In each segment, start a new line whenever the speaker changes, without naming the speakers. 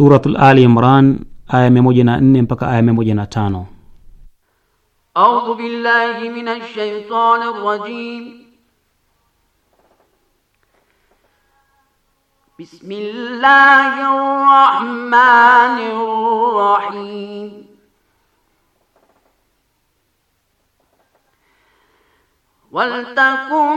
Suratul Ali Imran aya 104 mpaka aya 105.
A'udhu billahi minash shaitanir rajim. Bismillahir rahmanir rahim. Wal takum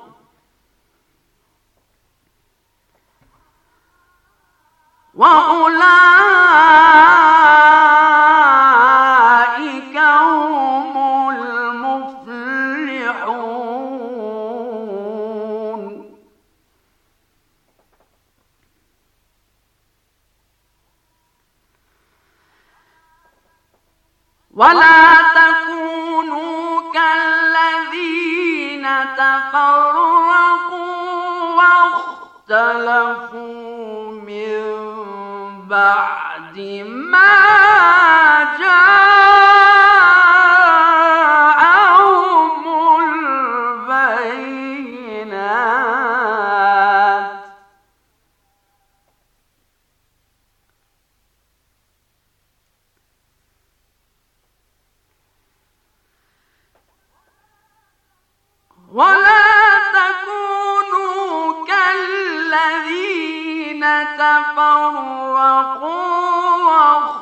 وأولئك هم المفلحون ولا تكونوا كالذين تفرقوا واختلفوا من بعد ما جاءهم البينات تفرقوا واختلفوا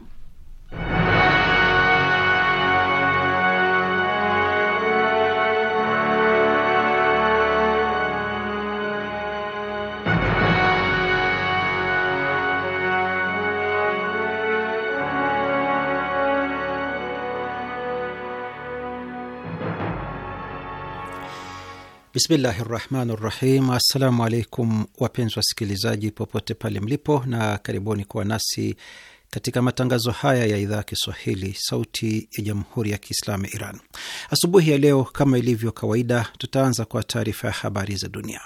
Bismillahi rahmani rahim. Assalamu alaikum wapenzi wasikilizaji popote pale mlipo, na karibuni kuwa nasi katika matangazo haya ya idhaa ya Kiswahili sauti ya jamhuri ya Kiislamu ya Iran. Asubuhi ya leo, kama ilivyo kawaida, tutaanza kwa taarifa ya habari za dunia.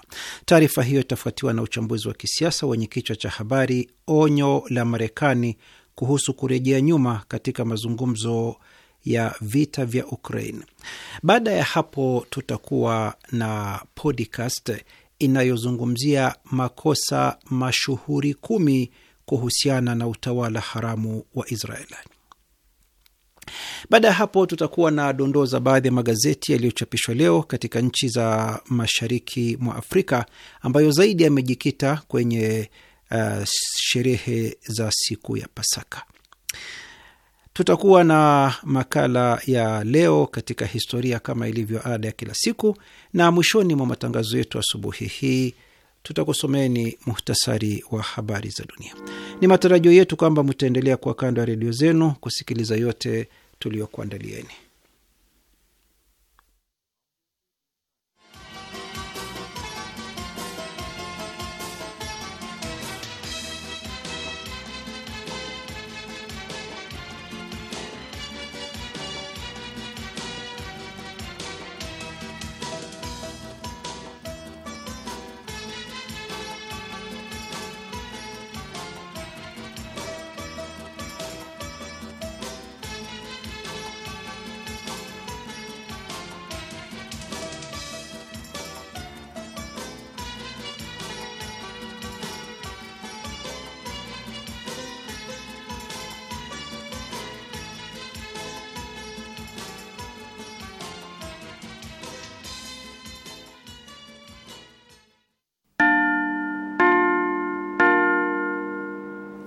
Taarifa hiyo itafuatiwa na uchambuzi wa kisiasa wenye kichwa cha habari, onyo la Marekani kuhusu kurejea nyuma katika mazungumzo ya vita vya Ukraine. Baada ya hapo, tutakuwa na podcast inayozungumzia makosa mashuhuri kumi kuhusiana na utawala haramu wa israel Baada ya hapo tutakuwa na dondoo za baadhi ya magazeti yaliyochapishwa leo katika nchi za mashariki mwa Afrika ambayo zaidi yamejikita kwenye uh, sherehe za siku ya Pasaka. Tutakuwa na makala ya leo katika historia kama ilivyo ada ya kila siku, na mwishoni mwa matangazo yetu asubuhi hii tutakusomeni muhtasari wa habari za dunia. Ni matarajio yetu kwamba mtaendelea kuwa kando ya redio zenu kusikiliza yote tuliyokuandalieni.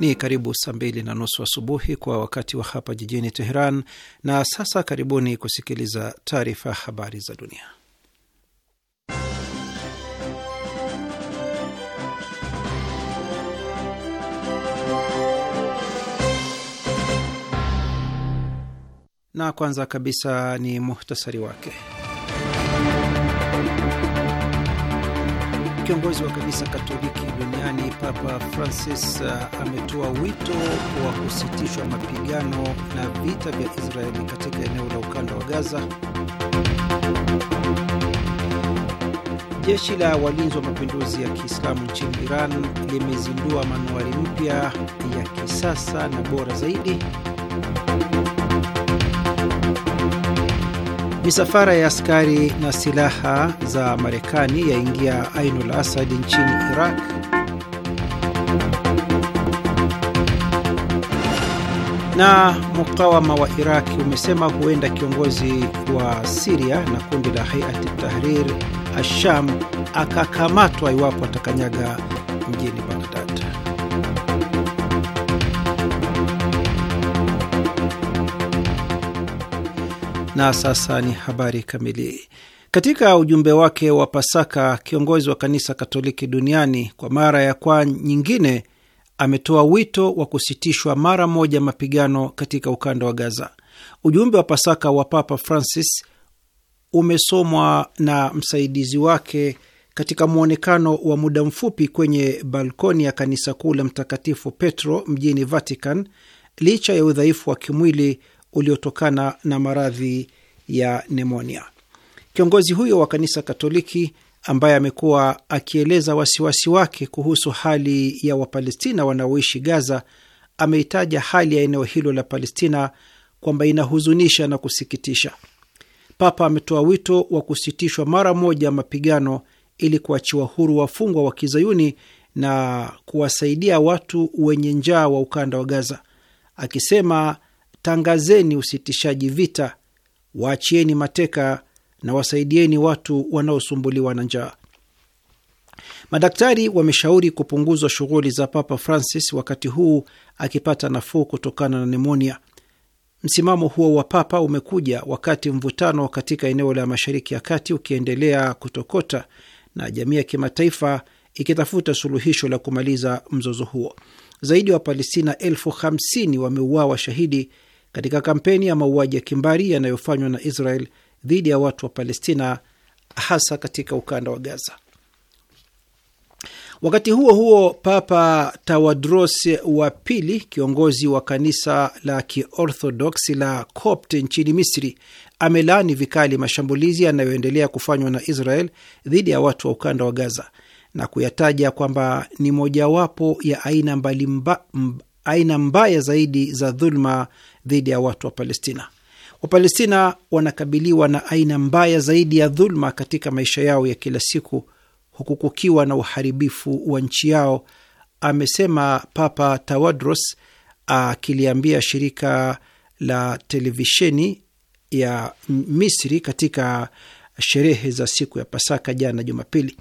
Ni karibu saa mbili na nusu asubuhi wa kwa wakati wa hapa jijini Teheran. Na sasa karibuni kusikiliza taarifa ya habari za dunia, na kwanza kabisa ni muhtasari wake. Kiongozi wa kanisa Katoliki duniani Papa Francis uh, ametoa wito wa kusitishwa mapigano na vita vya Israeli katika eneo la ukanda wa Gaza. Jeshi la walinzi wa mapinduzi ya Kiislamu nchini Iran limezindua manuari mpya ya kisasa na bora zaidi Misafara ya askari na silaha za Marekani yaingia Ainul Asad nchini Iraq. Na mukawama wa Iraq umesema huenda kiongozi wa Siria na kundi la Hayat Tahrir Asham akakamatwa iwapo atakanyaga mjini Na sasa ni habari kamili. Katika ujumbe wake wa Pasaka, kiongozi wa kanisa Katoliki duniani kwa mara ya kwa nyingine ametoa wito wa kusitishwa mara moja mapigano katika ukanda wa Gaza. Ujumbe wa Pasaka wa Papa Francis umesomwa na msaidizi wake katika mwonekano wa muda mfupi kwenye balkoni ya kanisa kuu la Mtakatifu Petro mjini Vatican, licha ya udhaifu wa kimwili uliotokana na maradhi ya nemonia. Kiongozi huyo wa kanisa Katoliki ambaye amekuwa akieleza wasiwasi wake kuhusu hali ya Wapalestina wanaoishi Gaza ameitaja hali ya eneo hilo la Palestina kwamba inahuzunisha na kusikitisha. Papa ametoa wito wa kusitishwa mara moja mapigano ili kuachiwa huru wafungwa wa kizayuni na kuwasaidia watu wenye njaa wa ukanda wa Gaza, akisema tangazeni usitishaji vita, waachieni mateka na wasaidieni watu wanaosumbuliwa na njaa. Madaktari wameshauri kupunguzwa shughuli za Papa Francis wakati huu akipata nafuu kutokana na nemonia. Msimamo huo wa Papa umekuja wakati mvutano katika eneo la Mashariki ya Kati ukiendelea kutokota na jamii ya kimataifa ikitafuta suluhisho la kumaliza mzozo huo. Zaidi ya Wapalestina elfu hamsini wameuawa shahidi katika kampeni ya mauaji ya kimbari yanayofanywa na Israel dhidi ya watu wa Palestina, hasa katika ukanda wa Gaza. Wakati huo huo, Papa Tawadros wa pili, kiongozi wa kanisa la Kiorthodoksi la Copt nchini Misri, amelaani vikali mashambulizi yanayoendelea kufanywa na Israel dhidi ya watu wa ukanda wa Gaza na kuyataja kwamba ni mojawapo ya aina mba, aina mbaya zaidi za dhuluma dhidi ya watu wa Palestina. Wapalestina wanakabiliwa na aina mbaya zaidi ya dhuluma katika maisha yao ya kila siku huku kukiwa na uharibifu wa nchi yao, amesema Papa Tawadros akiliambia shirika la televisheni ya Misri katika sherehe za siku ya Pasaka jana Jumapili.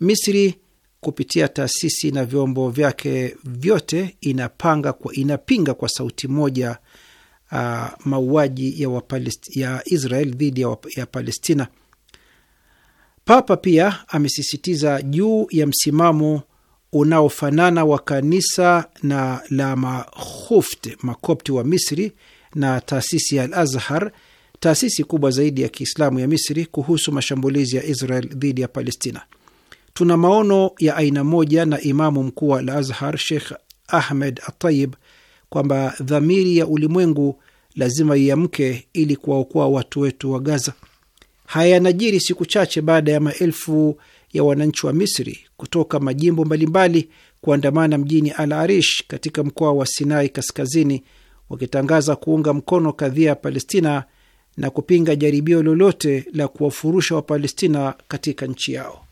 Misri kupitia taasisi na vyombo vyake vyote inapanga kwa, inapinga kwa sauti moja uh, mauaji ya, ya Israel dhidi ya, ya Palestina. Papa pia amesisitiza juu ya msimamo unaofanana wa kanisa na la Mahuft makopti wa Misri na taasisi ya Al Azhar, taasisi kubwa zaidi ya Kiislamu ya Misri, kuhusu mashambulizi ya Israel dhidi ya Palestina. Tuna maono ya aina moja na imamu mkuu wa Al Azhar Sheikh Ahmed Atayib kwamba dhamiri ya ulimwengu lazima iamke ili kuwaokoa watu wetu wa Gaza. Haya yanajiri siku chache baada ya maelfu ya wananchi wa Misri kutoka majimbo mbalimbali kuandamana mjini Al Arish katika mkoa wa Sinai Kaskazini, wakitangaza kuunga mkono kadhia ya Palestina na kupinga jaribio lolote la kuwafurusha Wapalestina katika nchi yao.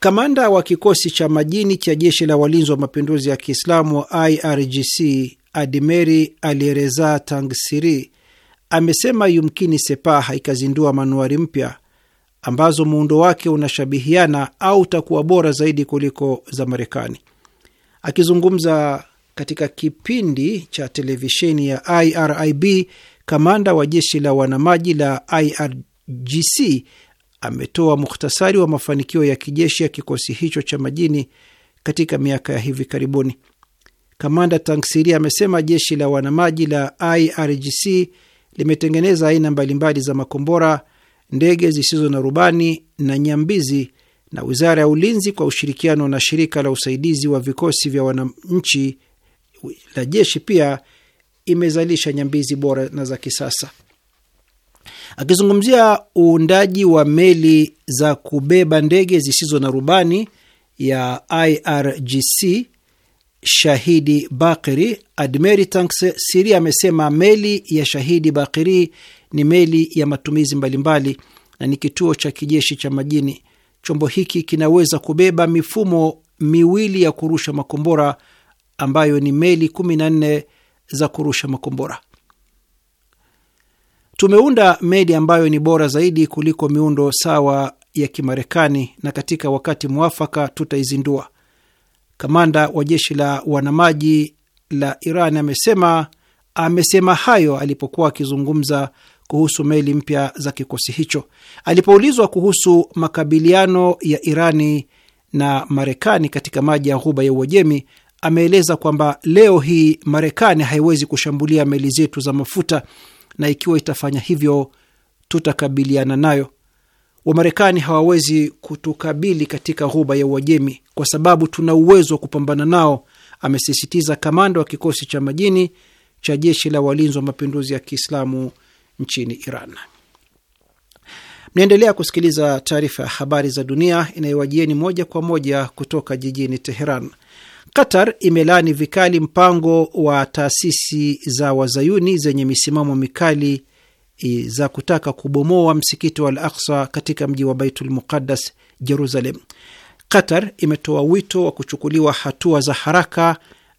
Kamanda wa kikosi cha majini cha jeshi la walinzi wa mapinduzi ya Kiislamu wa IRGC Admeri Alireza Tangsiri amesema yumkini Sepah haikazindua manuari mpya ambazo muundo wake unashabihiana au utakuwa bora zaidi kuliko za Marekani. Akizungumza katika kipindi cha televisheni ya IRIB, kamanda wa jeshi la wanamaji la IRGC ametoa muhtasari wa mafanikio ya kijeshi ya kikosi hicho cha majini katika miaka ya hivi karibuni. Kamanda Tangsiri amesema jeshi la wanamaji la IRGC limetengeneza aina mbalimbali za makombora, ndege zisizo na rubani na nyambizi, na wizara ya ulinzi kwa ushirikiano na shirika la usaidizi wa vikosi vya wananchi la jeshi pia imezalisha nyambizi bora na za kisasa. Akizungumzia uundaji wa meli za kubeba ndege zisizo na rubani ya IRGC, Shahidi Bakiri, admeri Tanks Siri amesema meli ya Shahidi Bakiri ni meli ya matumizi mbalimbali na ni kituo cha kijeshi cha majini. Chombo hiki kinaweza kubeba mifumo miwili ya kurusha makombora ambayo ni meli 14 za kurusha makombora. Tumeunda meli ambayo ni bora zaidi kuliko miundo sawa ya Kimarekani, na katika wakati mwafaka tutaizindua, kamanda wa jeshi la wanamaji la Iran amesema. Amesema hayo alipokuwa akizungumza kuhusu meli mpya za kikosi hicho. Alipoulizwa kuhusu makabiliano ya Irani na Marekani katika maji ya Ghuba ya Uajemi, ameeleza kwamba leo hii Marekani haiwezi kushambulia meli zetu za mafuta na ikiwa itafanya hivyo tutakabiliana nayo. Wamarekani hawawezi kutukabili katika ghuba ya Uajemi kwa sababu tuna uwezo wa kupambana nao, amesisitiza kamanda wa kikosi cha majini cha jeshi la walinzi wa mapinduzi ya Kiislamu nchini Iran. Mnaendelea kusikiliza taarifa ya habari za dunia inayowajieni moja kwa moja kutoka jijini Teheran. Qatar imelaani vikali mpango wa taasisi za wazayuni zenye misimamo mikali za kutaka kubomoa msikiti wa Al Aksa katika mji wa Baitul Muqaddas, Jerusalem. Qatar imetoa wito wa kuchukuliwa hatua za haraka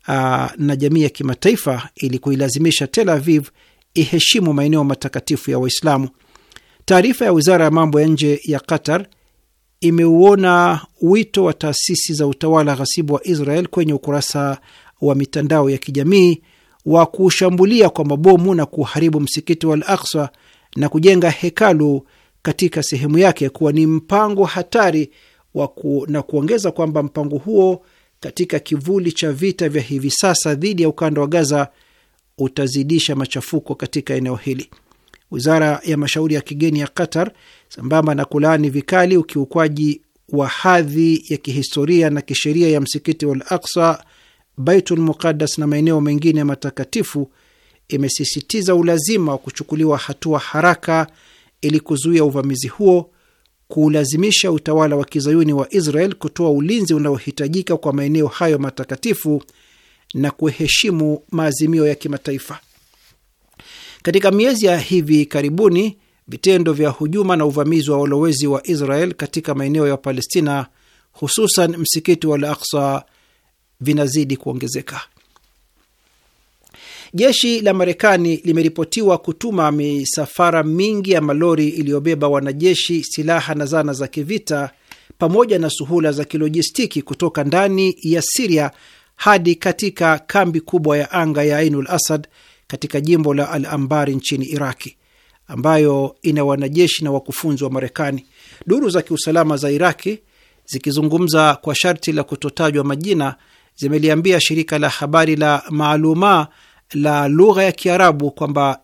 aa, na jamii ya kimataifa ili kuilazimisha Tel Aviv iheshimu maeneo matakatifu ya Waislamu. Taarifa ya wizara ya mambo ya nje ya Qatar imeuona wito wa taasisi za utawala ghasibu wa Israel kwenye ukurasa wa mitandao ya kijamii wa kushambulia kwa mabomu na kuharibu msikiti wa Al Aksa na kujenga hekalu katika sehemu yake kuwa ni mpango hatari waku, na kuongeza kwamba mpango huo katika kivuli cha vita vya hivi sasa dhidi ya ukanda wa Gaza utazidisha machafuko katika eneo hili. Wizara ya mashauri ya kigeni ya Qatar, sambamba na kulaani vikali ukiukwaji wa hadhi ya kihistoria na kisheria ya msikiti wa Al-Aqsa, Baitul Muqaddas na maeneo mengine matakatifu, imesisitiza ulazima wa kuchukuliwa hatua haraka ili kuzuia uvamizi huo, kuulazimisha utawala wa kizayuni wa Israel kutoa ulinzi unaohitajika kwa maeneo hayo matakatifu na kuheshimu maazimio ya kimataifa. Katika miezi ya hivi karibuni, vitendo vya hujuma na uvamizi wa walowezi wa Israel katika maeneo ya Palestina, hususan msikiti wa al aksa vinazidi kuongezeka. Jeshi la Marekani limeripotiwa kutuma misafara mingi ya malori iliyobeba wanajeshi, silaha na zana za kivita pamoja na suhula za kilojistiki kutoka ndani ya Siria hadi katika kambi kubwa ya anga ya Ainul Asad katika jimbo la Al Ambari nchini Iraki, ambayo ina wanajeshi na wakufunzi wa Marekani. Duru za kiusalama za Iraki zikizungumza kwa sharti la kutotajwa majina zimeliambia shirika la habari la Maaluma la lugha ya Kiarabu kwamba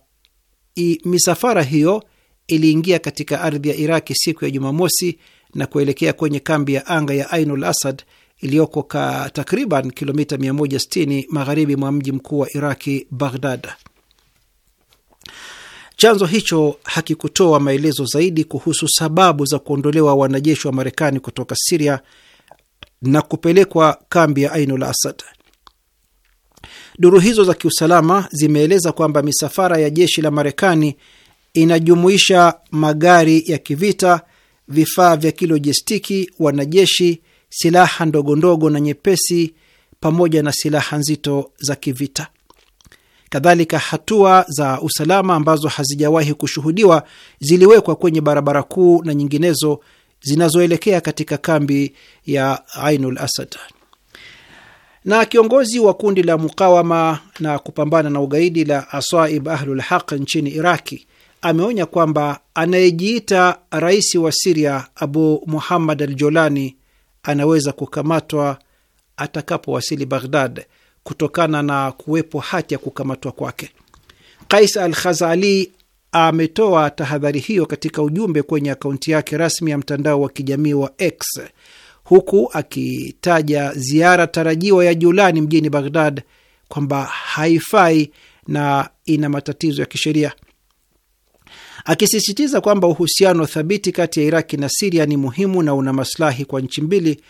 misafara hiyo iliingia katika ardhi ya Iraki siku ya Jumamosi na kuelekea kwenye kambi ya anga ya Ainul Asad iliyoko ka takriban kilomita 160 magharibi mwa mji mkuu wa Iraki, Baghdad. Chanzo hicho hakikutoa maelezo zaidi kuhusu sababu za kuondolewa wanajeshi wa Marekani kutoka Siria na kupelekwa kambi ya Ainul Asad. Duru hizo za kiusalama zimeeleza kwamba misafara ya jeshi la Marekani inajumuisha magari ya kivita, vifaa vya kilojistiki, wanajeshi silaha ndogo ndogo na nyepesi pamoja na silaha nzito za kivita. Kadhalika, hatua za usalama ambazo hazijawahi kushuhudiwa ziliwekwa kwenye barabara kuu na nyinginezo zinazoelekea katika kambi ya Ainul Asad. Na kiongozi wa kundi la mukawama na kupambana na ugaidi la Asaib Ahlul Haq nchini Iraki ameonya kwamba anayejiita rais wa Siria Abu Muhammad al Jolani anaweza kukamatwa atakapowasili Baghdad kutokana na kuwepo hati ya kukamatwa kwake. Kais Al Khazali ametoa tahadhari hiyo katika ujumbe kwenye akaunti yake rasmi ya mtandao wa kijamii wa X huku akitaja ziara tarajiwa ya Julani mjini Baghdad kwamba haifai na ina matatizo ya kisheria akisisitiza kwamba uhusiano thabiti kati ya Iraki na Siria ni muhimu na una masilahi kwa nchi mbili.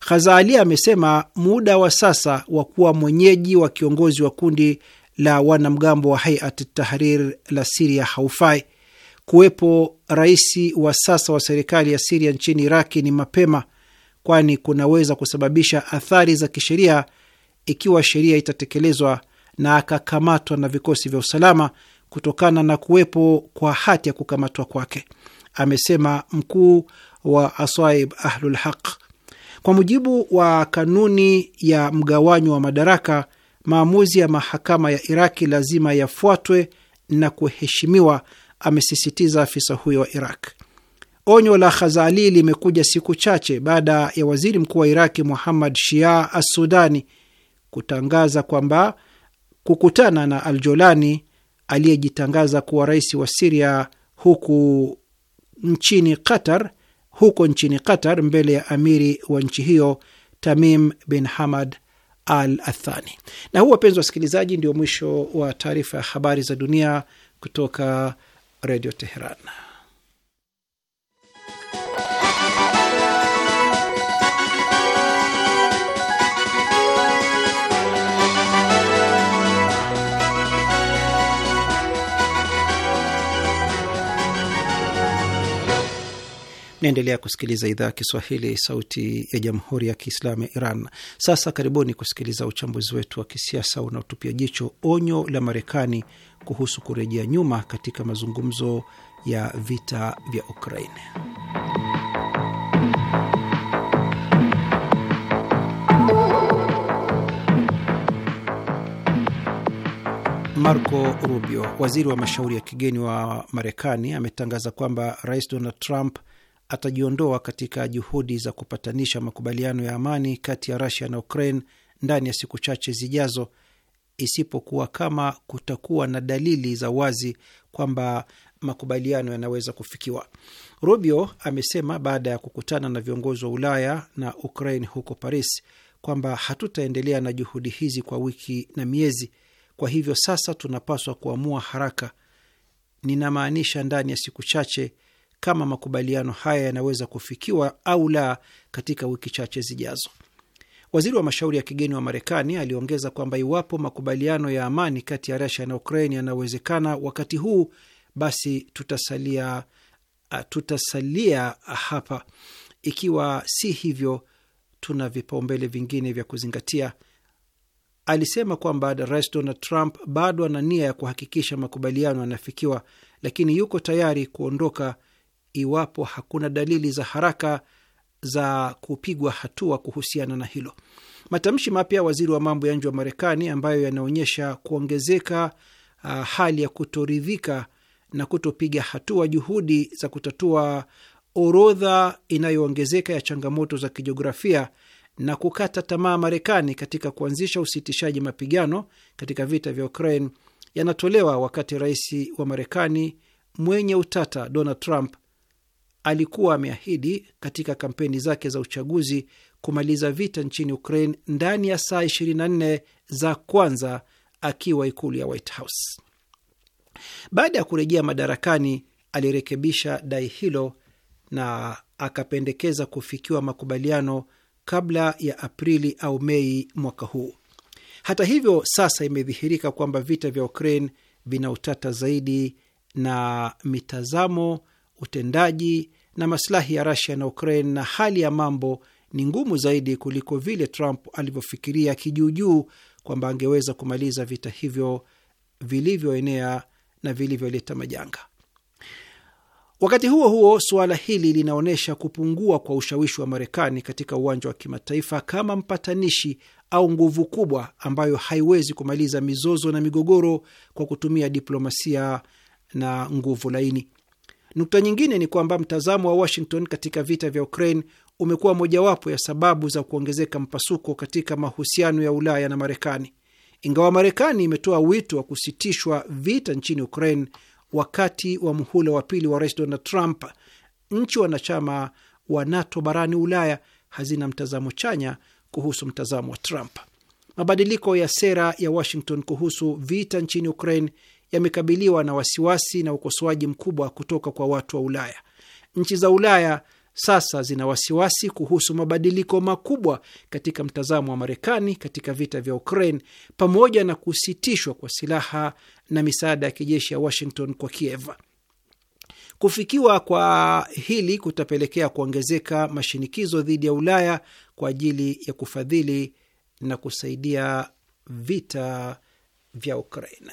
Khazali amesema muda wa sasa wa kuwa mwenyeji wa kiongozi wa kundi la wanamgambo wa Haiat Tahrir la Siria haufai. Kuwepo rais wa sasa wa serikali ya Siria nchini Iraki ni mapema, kwani kunaweza kusababisha athari za kisheria ikiwa sheria itatekelezwa na akakamatwa na vikosi vya usalama kutokana na kuwepo kwa hati ya kukamatwa kwake, amesema mkuu wa Asaib Ahlul Haq. Kwa mujibu wa kanuni ya mgawanyo wa madaraka, maamuzi ya mahakama ya Iraki lazima yafuatwe na kuheshimiwa, amesisitiza afisa huyo wa Iraq. Onyo la Khazali limekuja siku chache baada ya waziri mkuu wa Iraki Muhammad Shia Assudani kutangaza kwamba kukutana na Aljolani aliyejitangaza kuwa rais wa Siria huku nchini Qatar, huko nchini Qatar mbele ya amiri wa nchi hiyo Tamim bin Hamad al Athani. Na huu, wapenzi wa wasikilizaji, ndio mwisho wa taarifa ya habari za dunia kutoka Redio Teheran. Naendelea kusikiliza idhaa ya Kiswahili, sauti ya jamhuri ya kiislamu ya Iran. Sasa karibuni kusikiliza uchambuzi wetu wa kisiasa unaotupia jicho onyo la Marekani kuhusu kurejea nyuma katika mazungumzo ya vita vya Ukraine. Marco Rubio, waziri wa mashauri ya kigeni wa Marekani, ametangaza kwamba Rais Donald Trump atajiondoa katika juhudi za kupatanisha makubaliano ya amani kati ya Rusia na Ukraine ndani ya siku chache zijazo, isipokuwa kama kutakuwa na dalili za wazi kwamba makubaliano yanaweza kufikiwa. Rubio amesema baada ya kukutana na viongozi wa Ulaya na Ukraine huko Paris kwamba hatutaendelea na juhudi hizi kwa wiki na miezi, kwa hivyo sasa tunapaswa kuamua haraka, ninamaanisha ndani ya siku chache kama makubaliano haya yanaweza kufikiwa au la katika wiki chache zijazo. Waziri wa mashauri ya kigeni wa Marekani aliongeza kwamba iwapo makubaliano ya amani kati ya rasia na Ukraine yanawezekana wakati huu, basi tutasalia, tutasalia hapa. Ikiwa si hivyo, tuna vipaumbele vingine vya kuzingatia. Alisema kwamba Rais Donald Trump bado ana nia ya kuhakikisha makubaliano yanafikiwa, lakini yuko tayari kuondoka iwapo hakuna dalili za haraka za kupigwa hatua kuhusiana na hilo. Matamshi mapya ya waziri wa mambo ya nje wa Marekani ambayo yanaonyesha kuongezeka uh, hali ya kutoridhika na kutopiga hatua juhudi za kutatua orodha inayoongezeka ya changamoto za kijiografia na kukata tamaa Marekani katika kuanzisha usitishaji mapigano katika vita vya Ukraine yanatolewa wakati rais wa Marekani mwenye utata Donald Trump alikuwa ameahidi katika kampeni zake za uchaguzi kumaliza vita nchini Ukraine ndani ya saa 24 za kwanza akiwa ikulu ya White House. Baada ya kurejea madarakani, alirekebisha dai hilo na akapendekeza kufikiwa makubaliano kabla ya Aprili au Mei mwaka huu. Hata hivyo, sasa imedhihirika kwamba vita vya Ukraine vina utata zaidi na mitazamo utendaji na masilahi ya Rusia na Ukraine na hali ya mambo ni ngumu zaidi kuliko vile Trump alivyofikiria kijuujuu kwamba angeweza kumaliza vita hivyo vilivyoenea na vilivyoleta majanga. Wakati huo huo, suala hili linaonyesha kupungua kwa ushawishi wa Marekani katika uwanja wa kimataifa kama mpatanishi au nguvu kubwa ambayo haiwezi kumaliza mizozo na migogoro kwa kutumia diplomasia na nguvu laini. Nukta nyingine ni kwamba mtazamo wa Washington katika vita vya Ukraine umekuwa mojawapo ya sababu za kuongezeka mpasuko katika mahusiano ya Ulaya na Marekani. Ingawa Marekani imetoa wito wa kusitishwa vita nchini Ukraine wakati wa muhula wa pili wa Rais Donald Trump, nchi wanachama wa NATO barani Ulaya hazina mtazamo chanya kuhusu mtazamo wa Trump. Mabadiliko ya sera ya Washington kuhusu vita nchini Ukraine yamekabiliwa na wasiwasi na ukosoaji mkubwa kutoka kwa watu wa Ulaya. Nchi za Ulaya sasa zina wasiwasi kuhusu mabadiliko makubwa katika mtazamo wa Marekani katika vita vya Ukraine pamoja na kusitishwa kwa silaha na misaada ya kijeshi ya Washington kwa Kiev. Kufikiwa kwa hili kutapelekea kuongezeka mashinikizo dhidi ya Ulaya kwa ajili ya kufadhili na kusaidia vita vya Ukraine.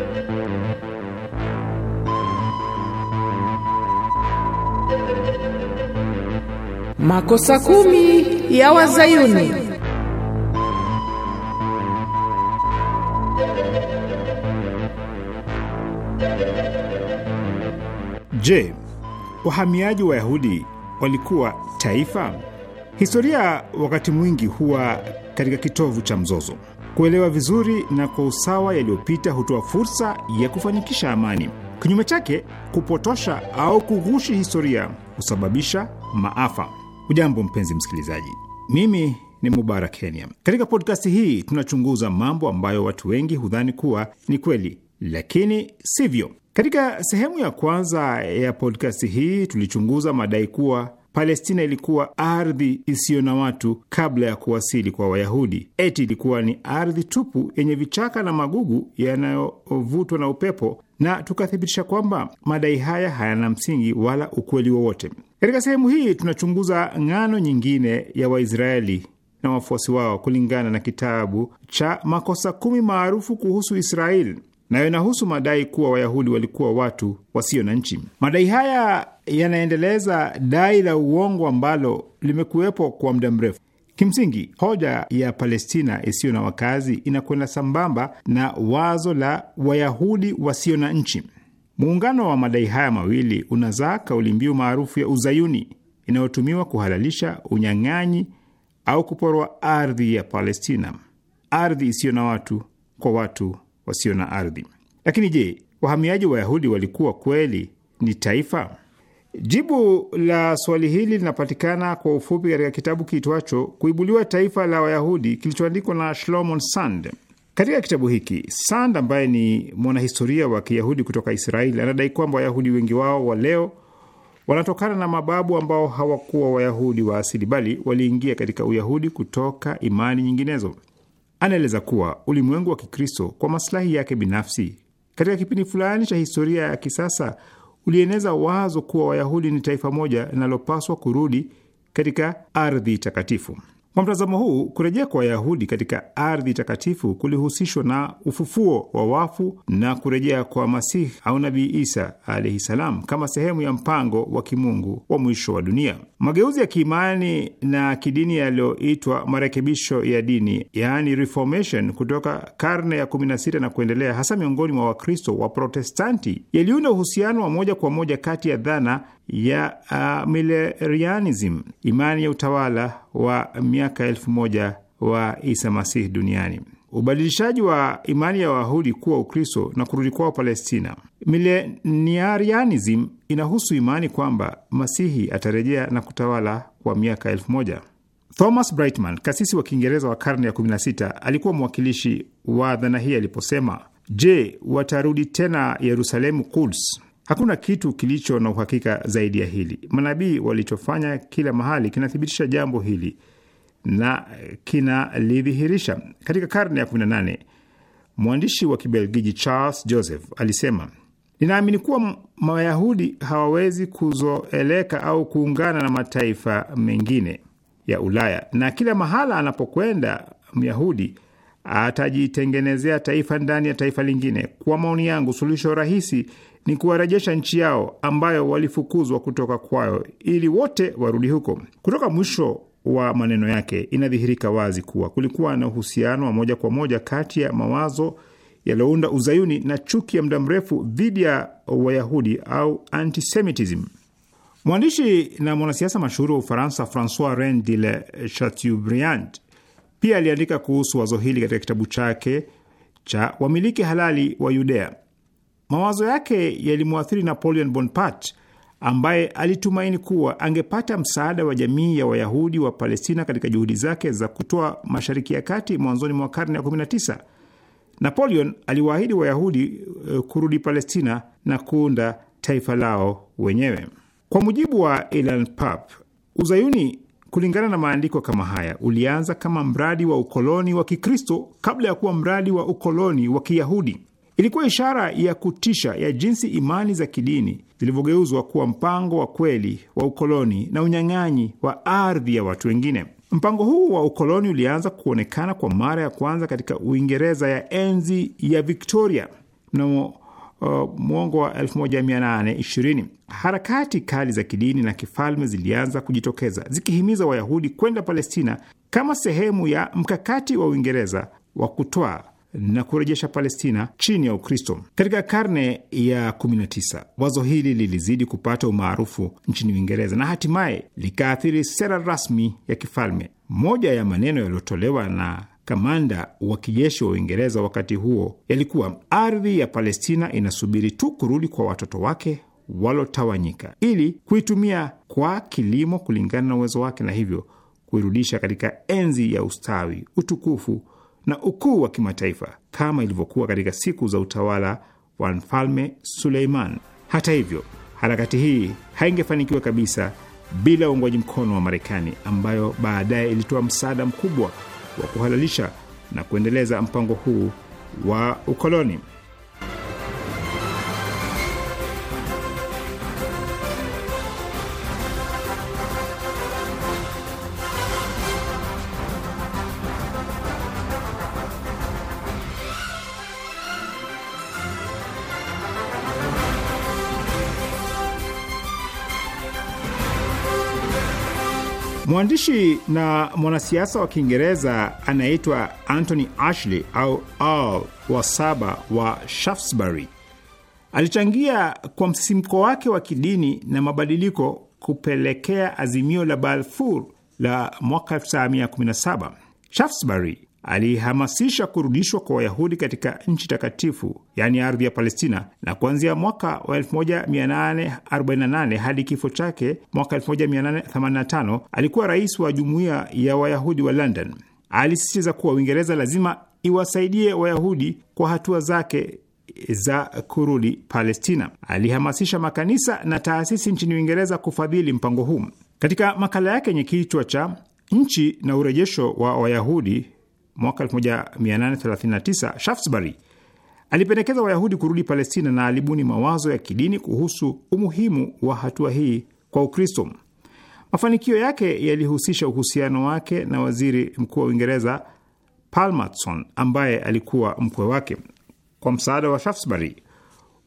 Makosa kumi ya Wazayuni.
Je, wahamiaji wa Yahudi walikuwa taifa? Historia wakati mwingi huwa katika kitovu cha mzozo. Kuelewa vizuri na kwa usawa yaliyopita hutoa fursa ya kufanikisha amani. Kinyume chake, kupotosha au kughushi historia husababisha maafa. Hujambo mpenzi msikilizaji, mimi ni Mubarak Kenya. Katika podkasti hii tunachunguza mambo ambayo watu wengi hudhani kuwa ni kweli, lakini sivyo. Katika sehemu ya kwanza ya podkasti hii tulichunguza madai kuwa Palestina ilikuwa ardhi isiyo na watu kabla ya kuwasili kwa Wayahudi. Eti ilikuwa ni ardhi tupu yenye vichaka na magugu yanayovutwa na upepo na tukathibitisha kwamba madai haya hayana msingi wala ukweli wowote. Katika sehemu hii tunachunguza ngano nyingine ya Waisraeli na wafuasi wao kulingana na kitabu cha makosa kumi maarufu kuhusu Israeli, nayo inahusu madai kuwa Wayahudi walikuwa watu wasio na nchi. Madai haya yanaendeleza dai la uongo ambalo limekuwepo kwa muda mrefu. Kimsingi, hoja ya Palestina isiyo na wakazi inakwenda sambamba na wazo la Wayahudi wasio na nchi. Muungano wa madai haya mawili unazaa kauli mbiu maarufu ya Uzayuni inayotumiwa kuhalalisha unyang'anyi au kuporwa ardhi ya Palestina, ardhi isiyo na watu kwa watu wasio na ardhi. Lakini je, wahamiaji Wayahudi walikuwa kweli ni taifa? Jibu la swali hili linapatikana kwa ufupi katika kitabu kiitwacho Kuibuliwa Taifa la Wayahudi kilichoandikwa na Shlomon Sand. Katika kitabu hiki Sand, ambaye ni mwanahistoria wa Kiyahudi kutoka Israeli, anadai kwamba Wayahudi wengi wao wa leo wanatokana na mababu ambao hawakuwa Wayahudi wa asili, bali waliingia katika Uyahudi kutoka imani nyinginezo. Anaeleza kuwa ulimwengu wa Kikristo kwa masilahi yake binafsi katika kipindi fulani cha historia ya kisasa ulieneza wazo kuwa Wayahudi ni taifa moja linalopaswa kurudi katika ardhi takatifu. Kwa mtazamo huu, kurejea kwa Wayahudi katika ardhi takatifu kulihusishwa na ufufuo wa wafu na kurejea kwa Masihi au Nabii Isa alaihi salam kama sehemu ya mpango wa kimungu wa mwisho wa dunia. Mageuzi ya kiimani na kidini yaliyoitwa marekebisho ya dini, yaani reformation, kutoka karne ya 16 na kuendelea, hasa miongoni mwa Wakristo wa Protestanti, yaliunda uhusiano wa moja kwa moja kati ya dhana ya uh, imani ya utawala wa miaka elfu moja wa Isa Masihi duniani, ubadilishaji wa imani ya Wayahudi kuwa Ukristo na kurudi kwao Palestina. Milleniarianism inahusu imani kwamba Masihi atarejea na kutawala kwa miaka elfu moja. Thomas Brightman, kasisi wa Kiingereza wa karne ya 16, alikuwa mwakilishi wa dhana hii aliposema, Je, watarudi tena Yerusalemu, Kuds? Hakuna kitu kilicho na uhakika zaidi ya hili. Manabii walichofanya kila mahali kinathibitisha jambo hili na kinalidhihirisha. Katika karne ya 18 mwandishi wa Kibelgiji Charles Joseph alisema, ninaamini kuwa Mayahudi hawawezi kuzoeleka au kuungana na mataifa mengine ya Ulaya, na kila mahala anapokwenda Myahudi atajitengenezea taifa ndani ya taifa lingine. Kwa maoni yangu, suluhisho rahisi ni kuwarejesha nchi yao ambayo walifukuzwa kutoka kwayo, ili wote warudi huko. Kutoka mwisho wa maneno yake inadhihirika wazi kuwa kulikuwa na uhusiano wa moja kwa moja kati ya mawazo yaliyounda uzayuni na chuki ya muda mrefu dhidi ya Wayahudi au antisemitism. Mwandishi na mwanasiasa mashuhuri wa Ufaransa Francois Ren de la Chateaubriand pia aliandika kuhusu wazo hili katika kitabu chake cha Wamiliki Halali wa Yudea. Mawazo yake yalimwathiri Napoleon Bonaparte ambaye alitumaini kuwa angepata msaada wa jamii ya Wayahudi wa Palestina katika juhudi zake za kutoa Mashariki ya Kati mwanzoni mwa karne ya 19. Napoleon aliwaahidi Wayahudi eh, kurudi Palestina na kuunda taifa lao wenyewe. Kwa mujibu wa Ilan Pap, Uzayuni kulingana na maandiko kama haya ulianza kama mradi wa ukoloni wa Kikristo kabla ya kuwa mradi wa ukoloni wa Kiyahudi. Ilikuwa ishara ya kutisha ya jinsi imani za kidini zilivyogeuzwa kuwa mpango wa kweli wa ukoloni na unyang'anyi wa ardhi ya watu wengine. Mpango huu wa ukoloni ulianza kuonekana kwa mara ya kwanza katika Uingereza ya enzi ya Victoria mnamo uh, mwongo wa 1820. Harakati kali za kidini na kifalme zilianza kujitokeza zikihimiza Wayahudi kwenda Palestina kama sehemu ya mkakati wa Uingereza wa kutoa na kurejesha Palestina chini ya Ukristo. Katika karne ya 19 wazo hili lilizidi kupata umaarufu nchini Uingereza na hatimaye likaathiri sera rasmi ya kifalme. Moja ya maneno yaliyotolewa na kamanda wa kijeshi wa Uingereza wakati huo yalikuwa, ardhi ya Palestina inasubiri tu kurudi kwa watoto wake walotawanyika ili kuitumia kwa kilimo kulingana na uwezo wake, na hivyo kuirudisha katika enzi ya ustawi, utukufu na ukuu wa kimataifa kama ilivyokuwa katika siku za utawala wa mfalme Suleiman. Hata hivyo, harakati hii haingefanikiwa kabisa bila uungwaji mkono wa Marekani, ambayo baadaye ilitoa msaada mkubwa wa kuhalalisha na kuendeleza mpango huu wa ukoloni. Mwandishi na mwanasiasa wa Kiingereza anaitwa Anthony Ashley au Earl wa saba wa Shaftesbury alichangia kwa msimko wake wa kidini na mabadiliko kupelekea azimio la Balfour la mwaka 1917. Shaftesbury alihamasisha kurudishwa kwa Wayahudi katika nchi takatifu, yaani ardhi ya Palestina, na kuanzia mwaka wa 1848 hadi kifo chake mwaka 1885 alikuwa rais wa jumuiya ya Wayahudi wa London. Alisisitiza kuwa Uingereza lazima iwasaidie Wayahudi kwa hatua zake za kurudi Palestina. Alihamasisha makanisa na taasisi nchini Uingereza kufadhili mpango huu. Katika makala yake yenye kichwa cha nchi na urejesho wa Wayahudi mwaka 1839 Shaftesbury alipendekeza Wayahudi kurudi Palestina na alibuni mawazo ya kidini kuhusu umuhimu wa hatua hii kwa Ukristo. Mafanikio yake yalihusisha uhusiano wake na waziri mkuu wa Uingereza Palmerston ambaye alikuwa mkwe wake. Kwa msaada wa Shaftesbury,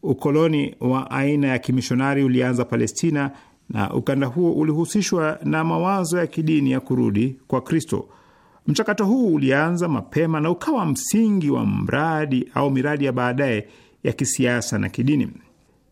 ukoloni wa aina ya kimishonari ulianza Palestina na ukanda huo ulihusishwa na mawazo ya kidini ya kurudi kwa Kristo. Mchakato huu ulianza mapema na ukawa msingi wa mradi au miradi ya baadaye ya kisiasa na kidini.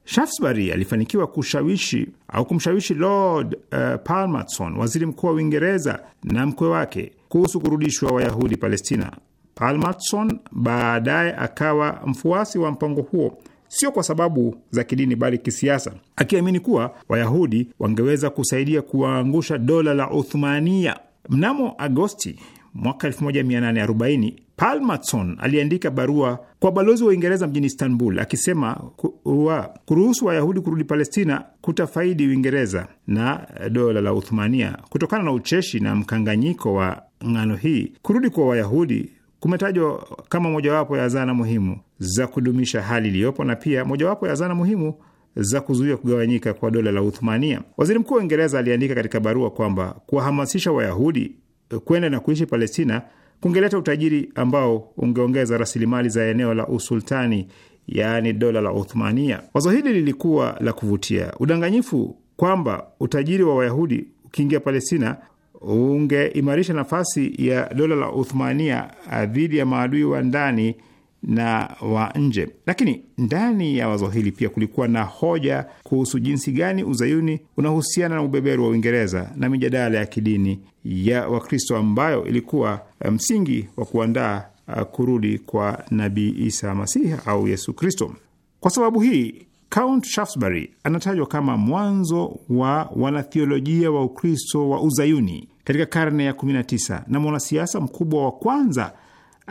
Shaftesbury alifanikiwa kushawishi au kumshawishi Lord uh, eh, Palmerston, waziri mkuu wa Uingereza na mkwe wake, kuhusu kurudishwa Wayahudi Palestina. Palmerston baadaye akawa mfuasi wa mpango huo, sio kwa sababu za kidini, bali kisiasa, akiamini kuwa Wayahudi wangeweza kusaidia kuwaangusha dola la Uthmania. Mnamo Agosti mwaka 1840 Palmatson aliandika barua kwa balozi wa Uingereza mjini Istanbul akisema kuwa kuruhusu Wayahudi kurudi Palestina kutafaidi Uingereza na dola la Uthumania. Kutokana na ucheshi na mkanganyiko wa ngano hii, kurudi kwa Wayahudi kumetajwa kama mojawapo ya zana muhimu za kudumisha hali iliyopo na pia mojawapo ya zana muhimu za kuzuia kugawanyika kwa dola la Uthumania. Waziri Mkuu wa Uingereza aliandika katika barua kwamba kuwahamasisha Wayahudi kwenda na kuishi Palestina kungeleta utajiri ambao ungeongeza rasilimali za eneo la usultani, yaani dola la Uthmania. Wazo hili lilikuwa la kuvutia. Udanganyifu kwamba utajiri wa Wayahudi ukiingia Palestina ungeimarisha nafasi ya dola la Uthmania dhidi ya maadui wa ndani na wa nje. Lakini ndani ya wazo hili pia kulikuwa na hoja kuhusu jinsi gani uzayuni unahusiana na ubeberu wa Uingereza na mijadala ya kidini ya Wakristo ambayo ilikuwa eh, msingi wa kuandaa eh, kurudi kwa Nabii Isa Masihi au Yesu Kristo. Kwa sababu hii Count Shaftesbury anatajwa kama mwanzo wa wanathiolojia wa Ukristo wa uzayuni katika karne ya 19 na mwanasiasa mkubwa wa kwanza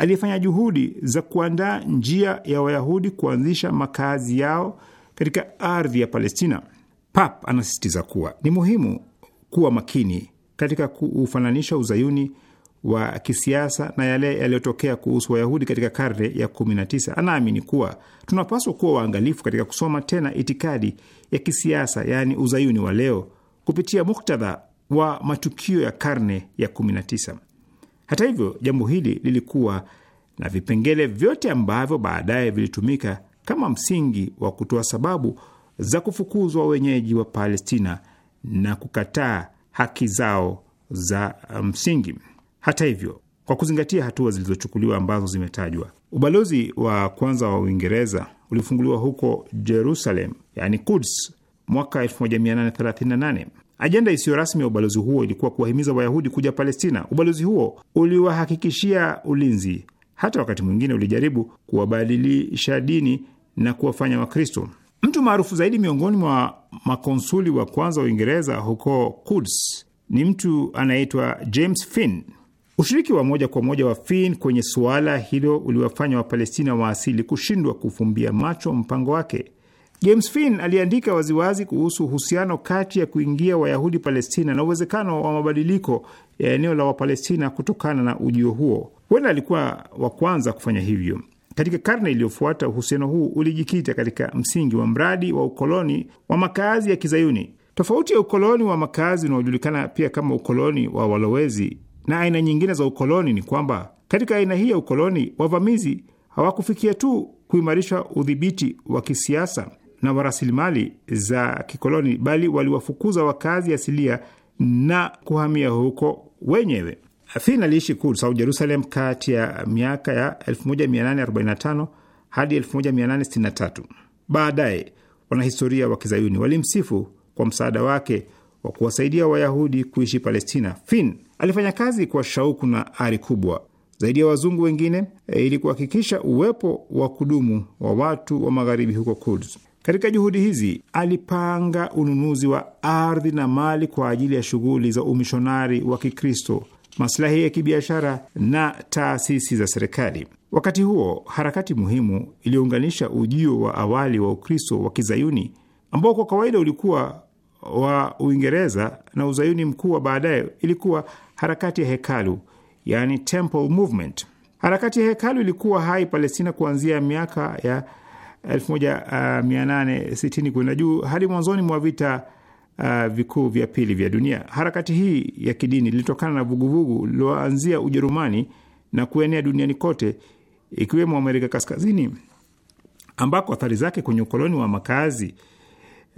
aliyefanya juhudi za kuandaa njia ya Wayahudi kuanzisha makazi yao katika ardhi ya Palestina. Pap anasisitiza kuwa ni muhimu kuwa makini katika kuufananisha uzayuni wa kisiasa na yale yaliyotokea kuhusu Wayahudi katika karne ya 19. Anaamini kuwa tunapaswa kuwa waangalifu katika kusoma tena itikadi ya kisiasa, yaani uzayuni wa leo, kupitia muktadha wa matukio ya karne ya 19. Hata hivyo, jambo hili lilikuwa na vipengele vyote ambavyo baadaye vilitumika kama msingi wa kutoa sababu za kufukuzwa wenyeji wa Palestina na kukataa haki zao za msingi. Hata hivyo, kwa kuzingatia hatua zilizochukuliwa ambazo zimetajwa, ubalozi wa kwanza wa Uingereza ulifunguliwa huko Jerusalem, yani Kuds, mwaka 1838. Ajenda isiyo rasmi ya ubalozi huo ilikuwa kuwahimiza Wayahudi kuja Palestina. Ubalozi huo uliwahakikishia ulinzi hata wakati mwingine ulijaribu kuwabadilisha dini na kuwafanya Wakristo. Mtu maarufu zaidi miongoni mwa makonsuli wa kwanza wa Uingereza huko Kuds ni mtu anayeitwa James Finn. Ushiriki wa moja kwa moja wa Finn kwenye suala hilo uliwafanya Wapalestina wa asili kushindwa kufumbia macho mpango wake. James Finn aliandika waziwazi kuhusu uhusiano kati ya kuingia Wayahudi Palestina na uwezekano wa mabadiliko ya eneo la Wapalestina kutokana na ujio huo. Huenda alikuwa wa kwanza kufanya hivyo. Katika karne iliyofuata, uhusiano huu ulijikita katika msingi wa mradi wa ukoloni wa makazi ya Kizayuni. Tofauti ya ukoloni wa makazi unaojulikana pia kama ukoloni wa walowezi na aina nyingine za ukoloni ni kwamba katika aina hii ya ukoloni, wavamizi hawakufikia tu kuimarisha udhibiti wa kisiasa na wa rasilimali za kikoloni, bali waliwafukuza wakazi asilia na kuhamia huko wenyewe. Afrin aliishi Kuds au Jerusalem kati ya miaka ya 1845 hadi 1863. Baadaye wanahistoria wa kizayuni walimsifu kwa msaada wake wa kuwasaidia Wayahudi kuishi Palestina. Fin alifanya kazi kwa shauku na ari kubwa zaidi ya wazungu wengine e, ili kuhakikisha uwepo wa kudumu wa watu wa magharibi huko Kuds. Katika juhudi hizi alipanga ununuzi wa ardhi na mali kwa ajili ya shughuli za umishonari wa Kikristo maslahi ya kibiashara na taasisi za serikali. Wakati huo, harakati muhimu iliyounganisha ujio wa awali wa Ukristo wa kizayuni ambao kwa kawaida ulikuwa wa Uingereza na uzayuni mkuu wa baadaye ilikuwa harakati ya hekalu, yani Temple Movement. Harakati ya hekalu ilikuwa hai Palestina kuanzia miaka ya 1860 ah, kwenda juu hadi mwanzoni mwa vita uh, vikuu vya pili vya dunia. Harakati hii ya kidini ilitokana na vuguvugu lililoanzia Ujerumani na kuenea duniani kote, ikiwemo Amerika Kaskazini, ambako athari zake kwenye ukoloni wa makazi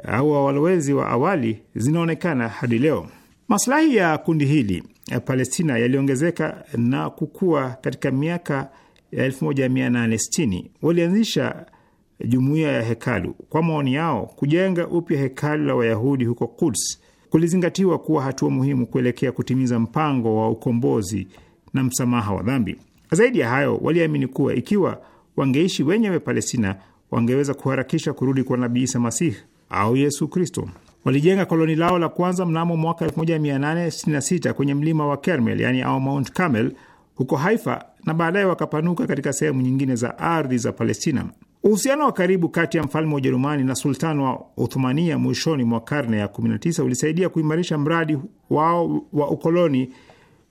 au walowezi wa awali zinaonekana hadi leo. Maslahi ya kundi hili ya Palestina yaliongezeka na kukua katika miaka ya 1860. Walianzisha jumuiya ya hekalu. Kwa maoni yao, kujenga upya hekalu la Wayahudi huko Quds kulizingatiwa kuwa hatua muhimu kuelekea kutimiza mpango wa ukombozi na msamaha wa dhambi. Zaidi ya hayo, waliamini kuwa ikiwa wangeishi wenyewe Palestina, wangeweza kuharakisha kurudi kwa Nabii Isa Masih au Yesu Kristo. Walijenga koloni lao la kwanza mnamo mwaka 1866 kwenye mlima wa carmel yani au Mount Carmel huko Haifa, na baadaye wakapanuka katika sehemu nyingine za ardhi za Palestina. Uhusiano wa karibu kati ya mfalme wa Ujerumani na sultan wa Uthumania mwishoni mwa karne ya 19 ulisaidia kuimarisha mradi wao wa ukoloni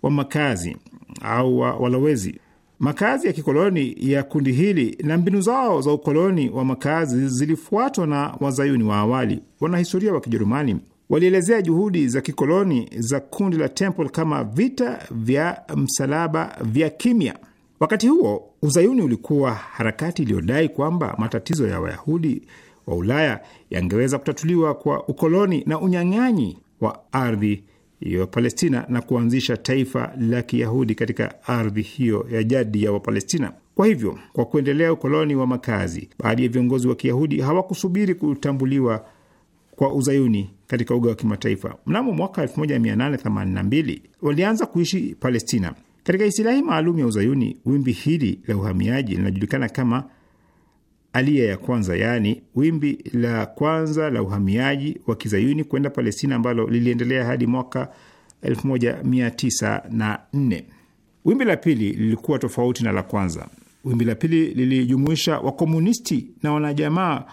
wa makazi au wa walowezi. Makazi ya kikoloni ya kundi hili na mbinu zao za ukoloni wa makazi zilifuatwa na wazayuni wa awali. Wanahistoria wa Kijerumani walielezea juhudi za kikoloni za kundi la Temple kama vita vya msalaba vya kimya. Wakati huo uzayuni ulikuwa harakati iliyodai kwamba matatizo ya Wayahudi wa Ulaya yangeweza kutatuliwa kwa ukoloni na unyang'anyi wa ardhi ya Palestina na kuanzisha taifa la Kiyahudi katika ardhi hiyo ya jadi ya Wapalestina. Kwa hivyo, kwa kuendelea ukoloni wa makazi, baadhi ya viongozi wa Kiyahudi hawakusubiri kutambuliwa kwa uzayuni katika uga wa kimataifa. Mnamo mwaka 1882 walianza kuishi Palestina. Katika istilahi maalum ya Uzayuni, wimbi hili la uhamiaji linajulikana kama aliya ya kwanza, yaani wimbi la kwanza la uhamiaji wa kizayuni kwenda Palestina, ambalo liliendelea hadi mwaka 1904. Wimbi la pili lilikuwa tofauti na la kwanza. Wimbi la pili lilijumuisha wakomunisti na wanajamaa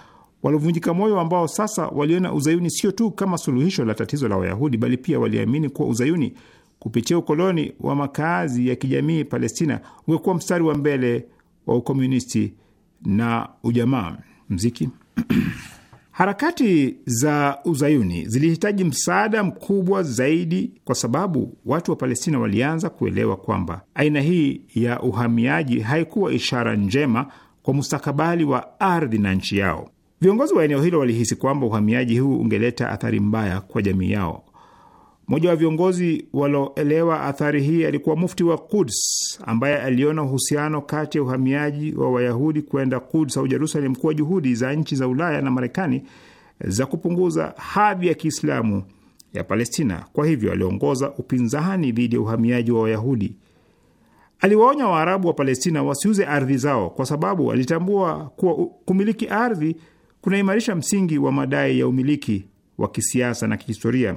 waliovunjika moyo ambao sasa waliona uzayuni sio tu kama suluhisho la tatizo la Wayahudi, bali pia waliamini kuwa uzayuni kupitia ukoloni wa makazi ya kijamii Palestina ungekuwa mstari wa mbele wa ukomunisti na ujamaa. Mziki harakati za uzayuni zilihitaji msaada mkubwa zaidi, kwa sababu watu wa Palestina walianza kuelewa kwamba aina hii ya uhamiaji haikuwa ishara njema kwa mustakabali wa ardhi na nchi yao. Viongozi wa eneo hilo walihisi kwamba uhamiaji huu ungeleta athari mbaya kwa jamii yao. Mmoja wa viongozi walioelewa athari hii alikuwa mufti wa Kuds ambaye aliona uhusiano kati ya uhamiaji wa Wayahudi kwenda Quds au Jerusalem kuwa juhudi za nchi za Ulaya na Marekani za kupunguza hadhi ya Kiislamu ya Palestina. Kwa hivyo aliongoza upinzani dhidi ya uhamiaji wa Wayahudi. Aliwaonya Waarabu wa Palestina wasiuze ardhi zao, kwa sababu alitambua kuwa kumiliki ardhi kunaimarisha msingi wa madai ya umiliki wa kisiasa na kihistoria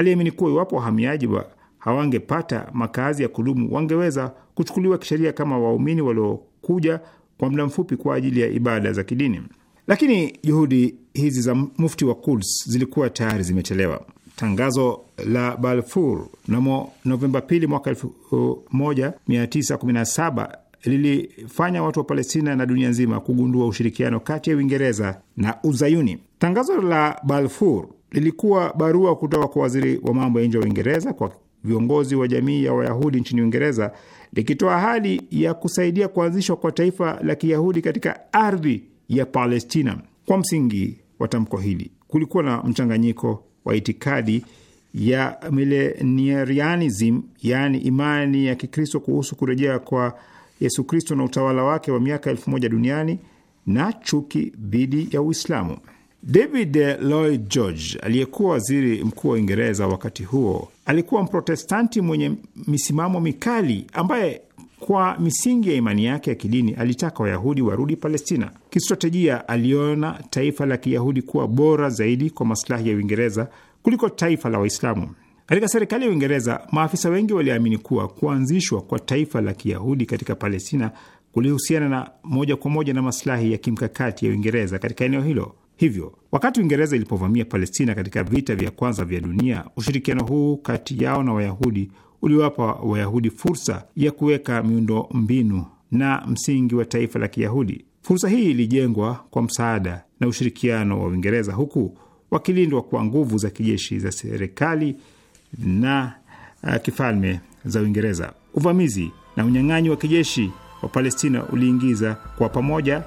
aliamini kuwa iwapo wahamiaji wa hawangepata makazi ya kudumu wangeweza kuchukuliwa kisheria kama waumini waliokuja kwa muda mfupi kwa ajili ya ibada za kidini. Lakini juhudi hizi za mufti wa Quds zilikuwa tayari zimechelewa. Tangazo la Balfour mnamo Novemba pili mwaka 1917 lilifanya watu wa Palestina na dunia nzima kugundua ushirikiano kati ya Uingereza na Uzayuni. Tangazo la Balfour lilikuwa barua kutoka kwa waziri wa mambo ya nje wa Uingereza kwa viongozi wa jamii ya Wayahudi nchini Uingereza likitoa hali ya kusaidia kuanzishwa kwa taifa la Kiyahudi katika ardhi ya Palestina. Kwa msingi wa tamko hili, kulikuwa na mchanganyiko wa itikadi ya millenarianism, yaani imani ya Kikristo kuhusu kurejea kwa Yesu Kristo na utawala wake wa miaka elfu moja duniani na chuki dhidi ya Uislamu. David Lloyd George aliyekuwa waziri mkuu wa Uingereza wakati huo alikuwa Mprotestanti mwenye misimamo mikali ambaye kwa misingi ya imani yake ya kidini alitaka Wayahudi warudi Palestina. Kistratejia, aliona taifa la Kiyahudi kuwa bora zaidi kwa masilahi ya Uingereza kuliko taifa la Waislamu. Katika serikali ya Uingereza, maafisa wengi waliamini kuwa kuanzishwa kwa taifa la Kiyahudi katika Palestina kulihusiana na moja kwa moja na masilahi ya kimkakati ya Uingereza katika eneo hilo hivyo. Wakati Uingereza ilipovamia Palestina katika vita vya kwanza vya dunia, ushirikiano huu kati yao na Wayahudi uliwapa Wayahudi fursa ya kuweka miundo mbinu na msingi wa taifa la Kiyahudi. Fursa hii ilijengwa kwa msaada na ushirikiano wa Uingereza, huku wakilindwa kwa nguvu za kijeshi za serikali na uh, kifalme za Uingereza. Uvamizi na unyang'anyi wa kijeshi wa Palestina uliingiza kwa pamoja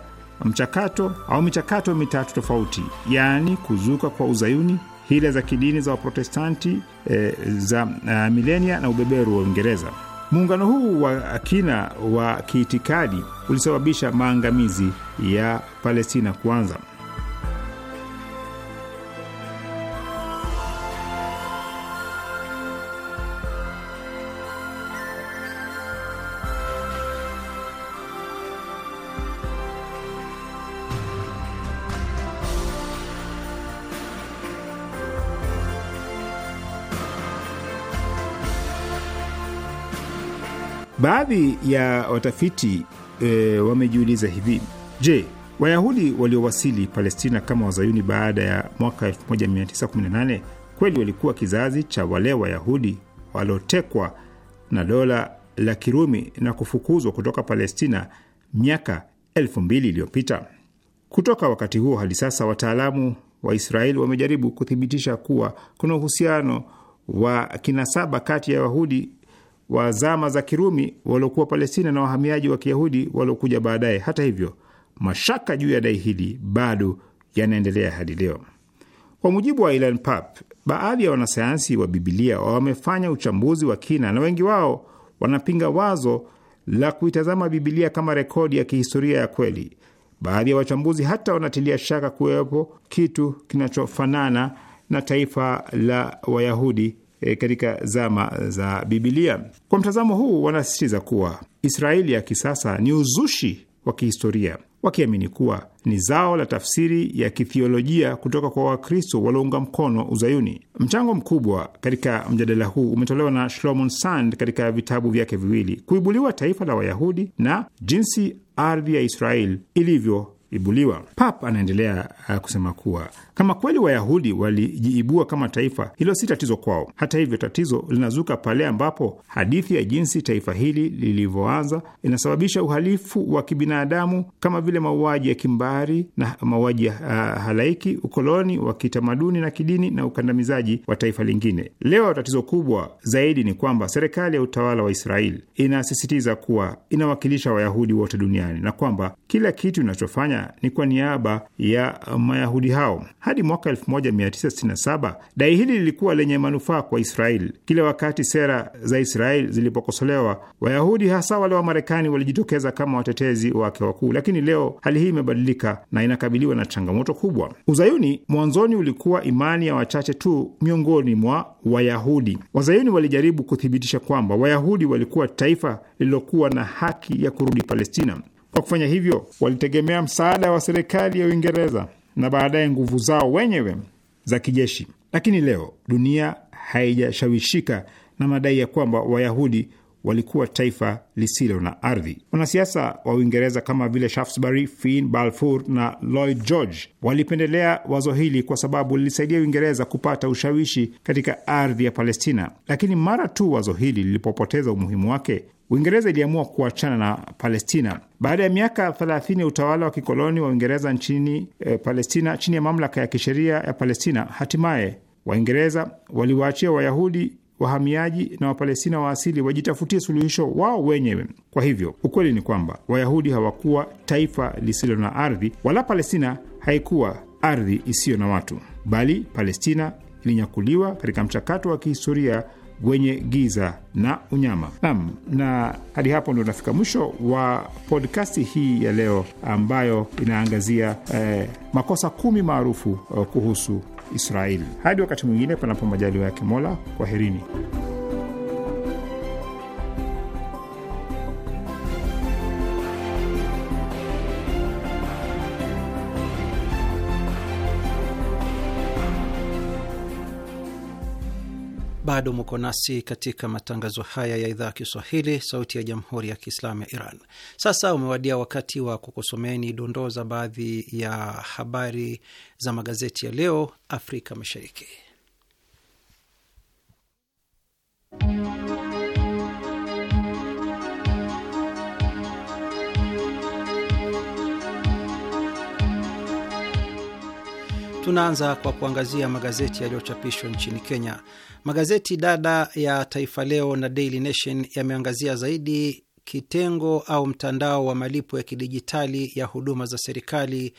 mchakato au michakato mitatu tofauti, yaani kuzuka kwa uzayuni, hila za kidini za Waprotestanti e, za a, eh, milenia na ubeberu wa Uingereza. Muungano huu wa kina wa kiitikadi ulisababisha maangamizi ya Palestina kwanza. Baadhi ya watafiti e, wamejiuliza hivi: je, Wayahudi waliowasili Palestina kama wazayuni baada ya mwaka 1918 kweli walikuwa kizazi cha wale Wayahudi waliotekwa na dola la Kirumi na kufukuzwa kutoka Palestina miaka elfu mbili iliyopita? Kutoka wakati huo hadi sasa, wataalamu wa Israeli wamejaribu kuthibitisha kuwa kuna uhusiano wa kinasaba kati ya Wayahudi wa zama za Kirumi waliokuwa Palestina na wahamiaji wa Kiyahudi waliokuja baadaye. Hata hivyo, mashaka juu ya dai hili bado yanaendelea hadi leo. Kwa mujibu wa Ilan Pap, baadhi ya wanasayansi wa Bibilia wamefanya uchambuzi wa kina na wengi wao wanapinga wazo la kuitazama Bibilia kama rekodi ya kihistoria ya kweli. Baadhi ya wachambuzi hata wanatilia shaka kuwepo kitu kinachofanana na taifa la Wayahudi e, katika zama za Bibilia. Kwa mtazamo huu, wanasisitiza kuwa Israeli ya kisasa ni uzushi wa kihistoria, wakiamini kuwa ni zao la tafsiri ya kithiolojia kutoka kwa Wakristo waliounga mkono Uzayuni. Mchango mkubwa katika mjadala huu umetolewa na Shlomon Sand katika vitabu vyake viwili, Kuibuliwa Taifa la Wayahudi na Jinsi Ardhi ya Israeli Ilivyo ibuliwa. Pap anaendelea uh, kusema kuwa kama kweli Wayahudi walijiibua kama taifa, hilo si tatizo kwao. Hata hivyo, tatizo linazuka pale ambapo hadithi ya jinsi taifa hili lilivyoanza inasababisha uhalifu wa kibinadamu kama vile mauaji ya kimbari na mauaji ya uh, halaiki, ukoloni wa kitamaduni na kidini na ukandamizaji wa taifa lingine. Leo tatizo kubwa zaidi ni kwamba serikali ya utawala wa Israeli inasisitiza kuwa inawakilisha Wayahudi wote duniani na kwamba kila kitu inachofanya ni kwa niaba ya Mayahudi hao. Hadi mwaka 1967 dai hili lilikuwa lenye manufaa kwa Israeli. Kila wakati sera za Israeli zilipokosolewa, Wayahudi hasa wale wa Marekani walijitokeza kama watetezi wake wakuu. Lakini leo hali hii imebadilika na inakabiliwa na changamoto kubwa. Uzayuni mwanzoni ulikuwa imani ya wachache tu miongoni mwa Wayahudi. Wazayuni walijaribu kuthibitisha kwamba Wayahudi walikuwa taifa lililokuwa na haki ya kurudi Palestina. Kwa kufanya hivyo, walitegemea msaada wa serikali ya Uingereza na baadaye nguvu zao wenyewe za kijeshi. Lakini leo dunia haijashawishika na madai ya kwamba Wayahudi walikuwa taifa lisilo na ardhi. Wanasiasa wa Uingereza kama vile Shaftesbury, Finn Balfour na Lloyd George walipendelea wazo hili kwa sababu lilisaidia Uingereza kupata ushawishi katika ardhi ya Palestina. Lakini mara tu wazo hili lilipopoteza umuhimu wake, Uingereza iliamua kuachana na Palestina. Baada ya miaka 30 ya utawala wa kikoloni wa Uingereza nchini eh, Palestina chini ya mamlaka ya kisheria ya Palestina, hatimaye Waingereza waliwaachia Wayahudi wahamiaji na Wapalestina wa asili wajitafutie suluhisho wao wenyewe. Kwa hivyo ukweli ni kwamba Wayahudi hawakuwa taifa lisilo na ardhi, wala Palestina haikuwa ardhi isiyo na watu, bali Palestina ilinyakuliwa katika mchakato wa kihistoria wenye giza na unyama. Naam, na hadi hapo ndo unafika mwisho wa podkasti hii ya leo ambayo inaangazia eh, makosa kumi maarufu eh, kuhusu Israeli. Hadi wakati mwingine, panapo majaliwa yake Mola, kwaherini.
Bado muko nasi katika matangazo haya ya idhaa ya Kiswahili, sauti ya jamhuri ya kiislamu ya Iran. Sasa umewadia wakati wa kukusomeni dondoo za baadhi ya habari za magazeti ya leo Afrika Mashariki. Tunaanza kwa kuangazia magazeti yaliyochapishwa nchini Kenya. Magazeti dada ya Taifa Leo na Daily Nation yameangazia zaidi kitengo au mtandao wa malipo ya kidijitali ya huduma za serikali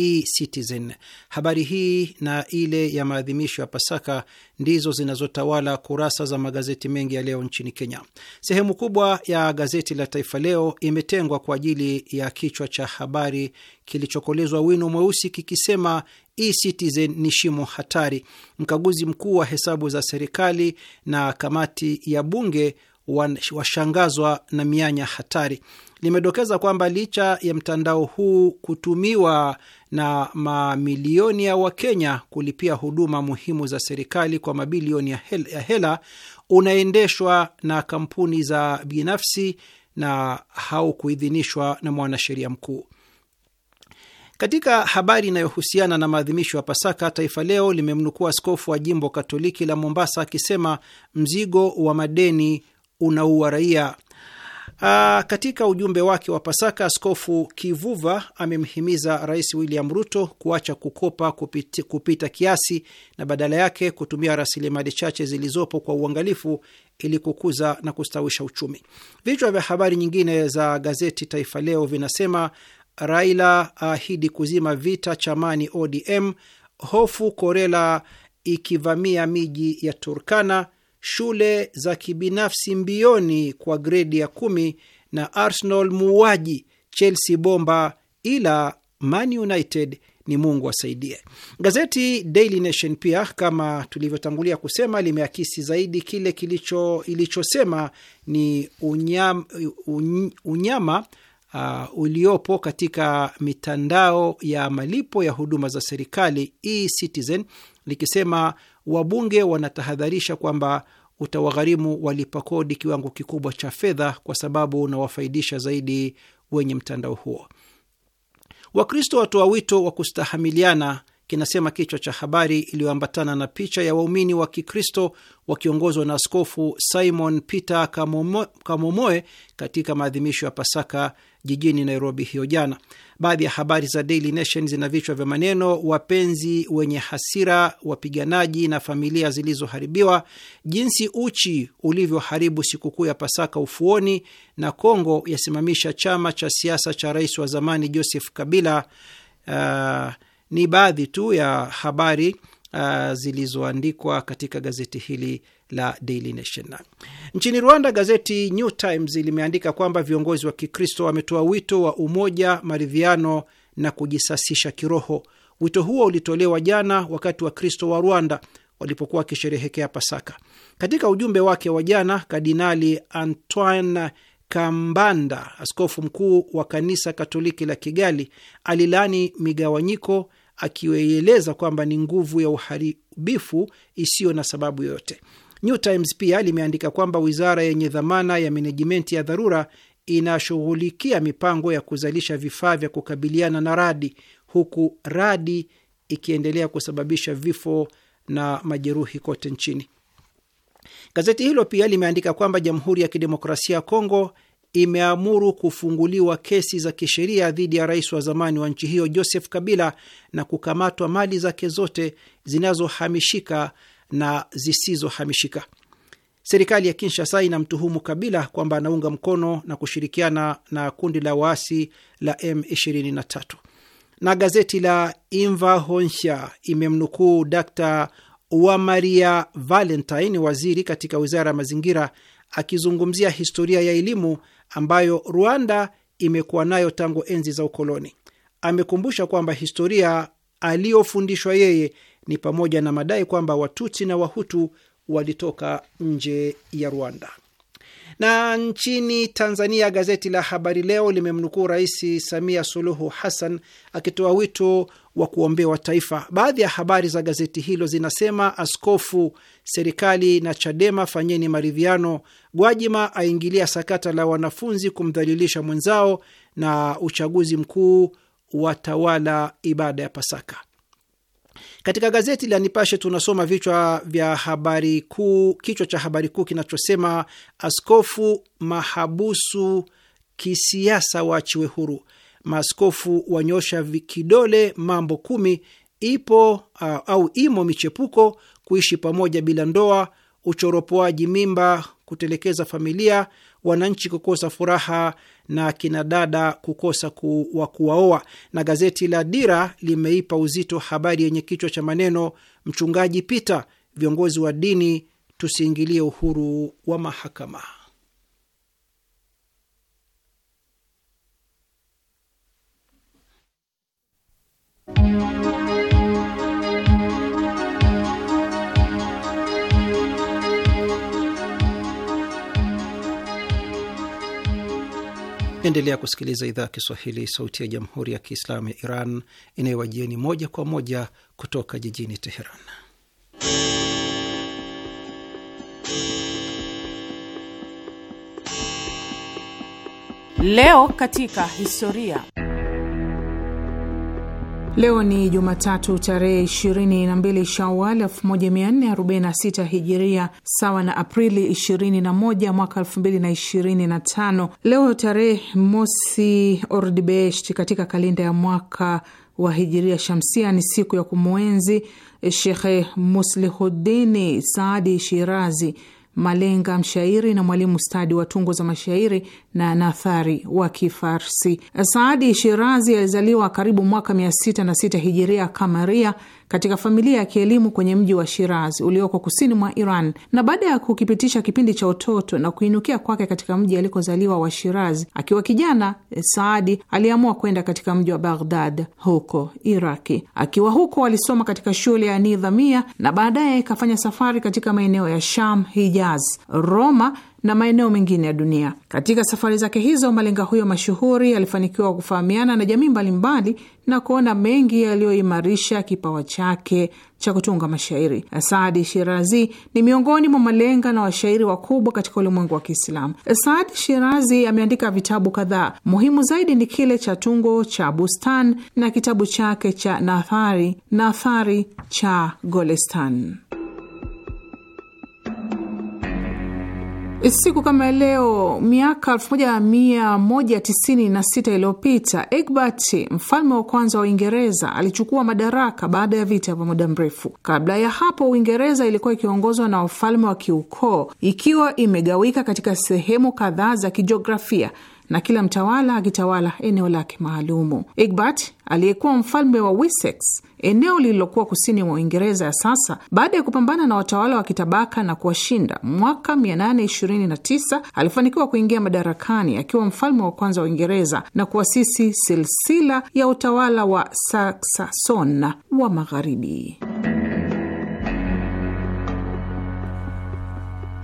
eCitizen. Habari hii na ile ya maadhimisho ya Pasaka ndizo zinazotawala kurasa za magazeti mengi ya leo nchini Kenya. Sehemu kubwa ya gazeti la Taifa Leo imetengwa kwa ajili ya kichwa cha habari kilichokolezwa wino mweusi kikisema eCitizen ni shimo hatari. Mkaguzi mkuu wa hesabu za serikali na kamati ya bunge washangazwa na mianya hatari. Limedokeza kwamba licha ya mtandao huu kutumiwa na mamilioni ya Wakenya kulipia huduma muhimu za serikali kwa mabilioni ya hela, unaendeshwa na kampuni za binafsi na haukuidhinishwa na mwanasheria mkuu. Katika habari inayohusiana na maadhimisho ya Pasaka, Taifa Leo limemnukua askofu wa jimbo Katoliki la Mombasa akisema mzigo wa madeni unaua raia. Aa, ah, katika ujumbe wake wa Pasaka, Askofu Kivuva amemhimiza Rais William Ruto kuacha kukopa kupita, kupita kiasi na badala yake kutumia rasilimali chache zilizopo kwa uangalifu ili kukuza na kustawisha uchumi. Vichwa vya habari nyingine za gazeti Taifa Leo vinasema Raila ahidi kuzima vita chamani ODM, hofu Korela ikivamia miji ya Turkana shule za kibinafsi mbioni kwa gredi ya kumi na Arsenal muuaji, Chelsea bomba, ila Man United ni Mungu asaidie Gazeti Daily Nation pia kama tulivyotangulia kusema limeakisi zaidi kile kilicho ilichosema ni unyama, unyama uh, uliopo katika mitandao ya malipo ya huduma za serikali eCitizen, likisema wabunge wanatahadharisha kwamba utawagharimu walipa kodi kiwango kikubwa cha fedha kwa sababu unawafaidisha zaidi wenye mtandao huo. Wakristo watoa wito wa kustahamiliana kinasema kichwa cha habari iliyoambatana na picha ya waumini wa Kikristo wakiongozwa na Askofu Simon Peter Kamomoe katika maadhimisho ya Pasaka jijini Nairobi hiyo jana. Baadhi ya habari za Daily Nation zina vichwa vya maneno: wapenzi wenye hasira, wapiganaji na familia zilizoharibiwa, jinsi uchi ulivyoharibu sikukuu ya Pasaka ufuoni, na Kongo yasimamisha chama cha siasa cha rais wa zamani Joseph Kabila. Uh, ni baadhi tu ya habari uh, zilizoandikwa katika gazeti hili la Daily Nation. Nchini Rwanda, gazeti New Times limeandika kwamba viongozi wa Kikristo wametoa wito wa umoja, maridhiano na kujisasisha kiroho. Wito huo ulitolewa jana wakati wa Kristo wa Rwanda walipokuwa wakisherehekea Pasaka. Katika ujumbe wake wa jana, Kardinali Antoine Kambanda, askofu mkuu wa kanisa Katoliki la Kigali, alilaani migawanyiko akiweieleza kwamba ni nguvu ya uharibifu isiyo na sababu yoyote. New Times pia limeandika kwamba wizara yenye dhamana ya menejimenti ya dharura inashughulikia mipango ya kuzalisha vifaa vya kukabiliana na radi, huku radi ikiendelea kusababisha vifo na majeruhi kote nchini. Gazeti hilo pia limeandika kwamba Jamhuri ya Kidemokrasia ya Kongo imeamuru kufunguliwa kesi za kisheria dhidi ya rais wa zamani wa nchi hiyo Joseph Kabila na kukamatwa mali zake zote zinazohamishika na zisizohamishika. Serikali ya Kinshasa inamtuhumu Kabila kwamba anaunga mkono na kushirikiana na kundi la waasi la M23. Na gazeti la Invahonsha imemnukuu dr Wamaria Valentine, waziri katika wizara ya mazingira, akizungumzia historia ya elimu ambayo Rwanda imekuwa nayo tangu enzi za ukoloni. Amekumbusha kwamba historia aliyofundishwa yeye ni pamoja na madai kwamba Watutsi na Wahutu walitoka nje ya Rwanda. Na nchini Tanzania, gazeti la Habari Leo limemnukuu Rais Samia Suluhu Hassan akitoa wito wa kuombewa taifa. Baadhi ya habari za gazeti hilo zinasema: Askofu, serikali na Chadema fanyeni maridhiano, Gwajima aingilia sakata la wanafunzi kumdhalilisha mwenzao, na uchaguzi mkuu watawala ibada ya Pasaka. Katika gazeti la Nipashe tunasoma vichwa vya habari kuu. Kichwa cha habari kuu kinachosema askofu mahabusu kisiasa waachiwe huru, maaskofu wanyosha kidole mambo kumi, ipo uh, au imo michepuko, kuishi pamoja bila ndoa, uchoropoaji mimba, kutelekeza familia, wananchi kukosa furaha na kinadada kukosa wa kuwaoa. Na gazeti la Dira limeipa uzito habari yenye kichwa cha maneno mchungaji Pita, viongozi wa dini tusiingilie uhuru wa mahakama. Endelea kusikiliza idhaa ya Kiswahili, sauti ya jamhuri ya kiislamu ya Iran inayowajieni moja kwa moja kutoka jijini Teheran.
Leo katika historia Leo ni Jumatatu tarehe 22 Shawal 1446 Hijiria, sawa na Aprili 21 mwaka 2025. Leo tarehe mosi Ordibesht katika kalenda ya mwaka wa Hijiria Shamsia ni siku ya kumwenzi Shekhe Muslihudini Saadi Shirazi Malenga, mshairi na mwalimu stadi wa tungo za mashairi na nathari wa Kifarsi. Saadi Shirazi alizaliwa karibu mwaka mia sita na sita hijiria kamaria katika familia ya kielimu kwenye mji wa Shiraz ulioko kusini mwa Iran, na baada ya kukipitisha kipindi cha utoto na kuinukia kwake katika mji alikozaliwa wa Shiraz, akiwa kijana eh, Saadi aliamua kwenda katika mji wa Baghdad huko Iraki. Akiwa huko alisoma katika shule ya Nidhamia na baadaye ikafanya safari katika maeneo ya Sham, Hijaz, Roma na maeneo mengine ya dunia. Katika safari zake hizo, malenga huyo mashuhuri alifanikiwa kufahamiana na jamii mbalimbali na kuona mengi yaliyoimarisha kipawa chake cha kutunga mashairi. Saadi Shirazi ni miongoni mwa malenga na washairi wakubwa katika ulimwengu wa Kiislamu. Saadi Shirazi ameandika vitabu kadhaa, muhimu zaidi ni kile cha tungo cha Bustan na kitabu chake cha Nathari Nathari cha Golestan. Siku kama leo miaka 1196 iliyopita Egbert mfalme wa kwanza wa Uingereza alichukua madaraka baada ya vita vya muda mrefu. Kabla ya hapo, Uingereza ilikuwa ikiongozwa na ufalme wa kiukoo, ikiwa imegawika katika sehemu kadhaa za kijiografia na kila mtawala akitawala eneo lake maalumu. Egbert aliyekuwa mfalme wa Wessex eneo lililokuwa kusini mwa Uingereza ya sasa, baada ya kupambana na watawala wa kitabaka na kuwashinda. Mwaka 829 alifanikiwa kuingia madarakani akiwa mfalme wa kwanza wa Uingereza na kuasisi silsila ya utawala wa Saksasona wa Magharibi.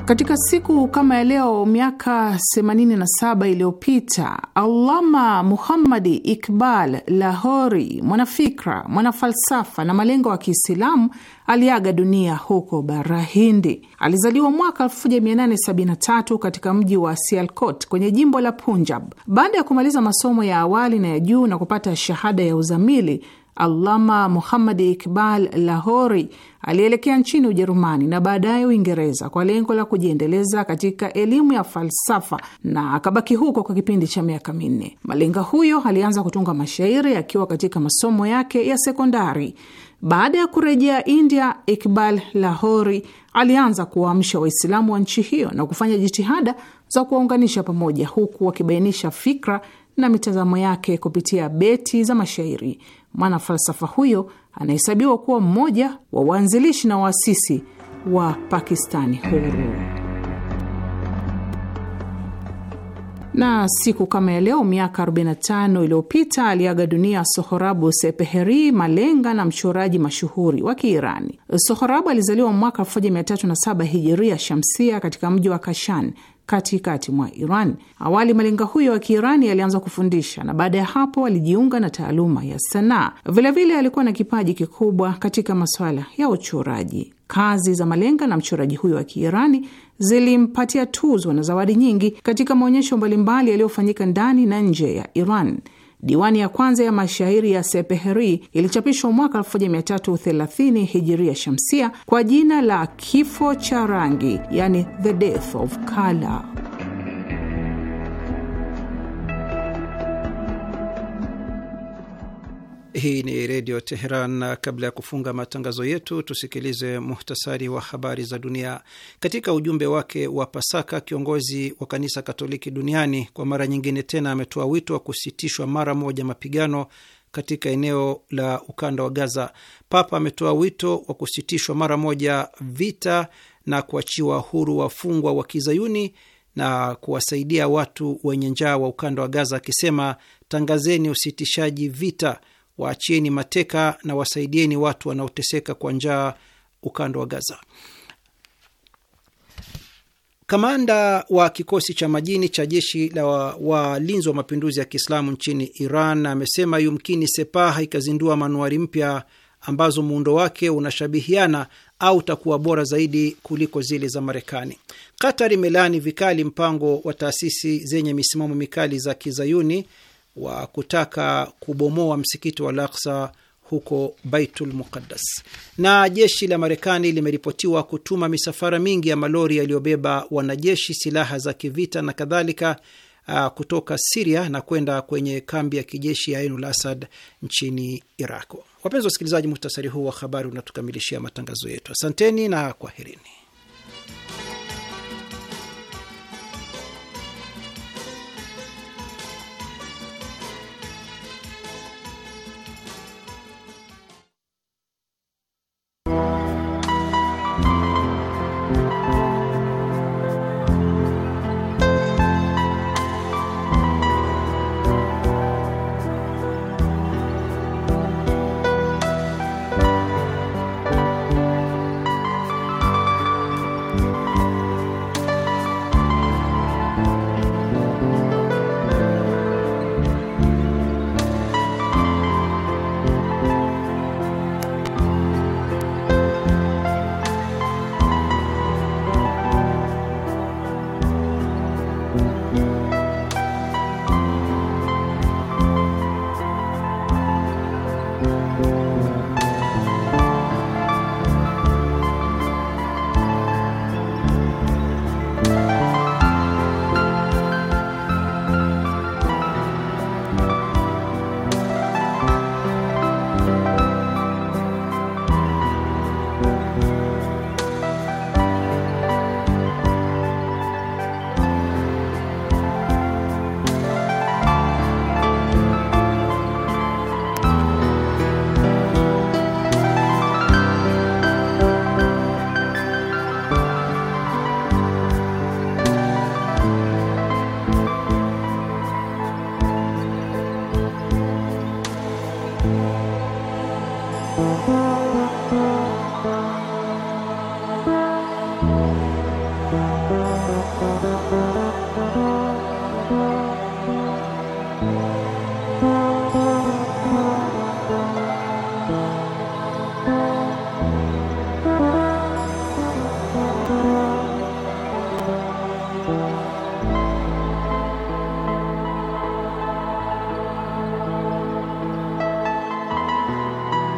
Katika siku kama ya leo miaka 87 iliyopita Allama Muhammadi Iqbal Lahori, mwanafikra, mwanafalsafa na malengo wa Kiislamu aliaga dunia huko bara Hindi. Alizaliwa mwaka 1873 katika mji wa Sialkot kwenye jimbo la Punjab. Baada ya kumaliza masomo ya awali na ya juu na kupata shahada ya uzamili Allama Muhammad Iqbal Lahori alielekea nchini Ujerumani na baadaye Uingereza kwa lengo la kujiendeleza katika elimu ya falsafa na akabaki huko kwa kipindi cha miaka minne. Malenga huyo alianza kutunga mashairi akiwa katika masomo yake ya sekondari. Baada ya kurejea India, Iqbal Lahori alianza kuwaamsha Waislamu wa nchi hiyo na kufanya jitihada za kuwaunganisha pamoja, huku wakibainisha fikra na mitazamo yake kupitia beti za mashairi. Mwanafalsafa huyo anahesabiwa kuwa mmoja wa waanzilishi na waasisi wa Pakistani huru. na siku kama ya leo miaka 45 iliyopita aliaga dunia Sohorabu Sepeheri, malenga na mchoraji mashuhuri wa Kiirani. Sohorabu alizaliwa mwaka 1307 hijiria shamsia katika mji wa Kashan katikati mwa Iran. Awali malenga huyo wa Kiirani alianza kufundisha na baada ya hapo alijiunga na taaluma ya sanaa. Vilevile alikuwa na kipaji kikubwa katika masuala ya uchoraji. Kazi za malenga na mchoraji huyo wa Kiirani zilimpatia tuzo na zawadi nyingi katika maonyesho mbalimbali yaliyofanyika ndani na nje ya Iran. Diwani ya kwanza ya mashairi ya Sepeheri ilichapishwa mwaka 1330 hijiria shamsia kwa jina la Kifo cha Rangi, yani the death of color.
Hii ni Redio Teheran, na kabla ya kufunga matangazo yetu tusikilize muhtasari wa habari za dunia. Katika ujumbe wake wa Pasaka, kiongozi wa kanisa Katoliki duniani kwa mara nyingine tena ametoa wito wa kusitishwa mara moja mapigano katika eneo la ukanda wa Gaza. Papa ametoa wito wa kusitishwa mara moja vita na kuachiwa huru wafungwa wa kizayuni na kuwasaidia watu wenye njaa wa ukanda wa Gaza, akisema tangazeni usitishaji vita waachieni mateka na wasaidieni watu wanaoteseka kwa njaa ukanda wa Gaza. Kamanda wa kikosi cha majini cha jeshi la walinzi wa, wa mapinduzi ya Kiislamu nchini Iran amesema yumkini Sepah ikazindua manuari mpya ambazo muundo wake unashabihiana au takuwa bora zaidi kuliko zile za Marekani. Qatar imelaani vikali mpango wa taasisi zenye misimamo mikali za kizayuni wa kutaka kubomoa msikiti wa Al-Aqsa huko Baitul Muqaddas. Na jeshi la Marekani limeripotiwa kutuma misafara mingi ya malori yaliyobeba wanajeshi, silaha za kivita na kadhalika uh, kutoka Siria na kwenda kwenye kambi ya kijeshi ya Ainul Asad nchini Iraq. Wapenzi wasikilizaji, muhtasari huu wa habari unatukamilishia matangazo yetu. Asanteni na kwaherini.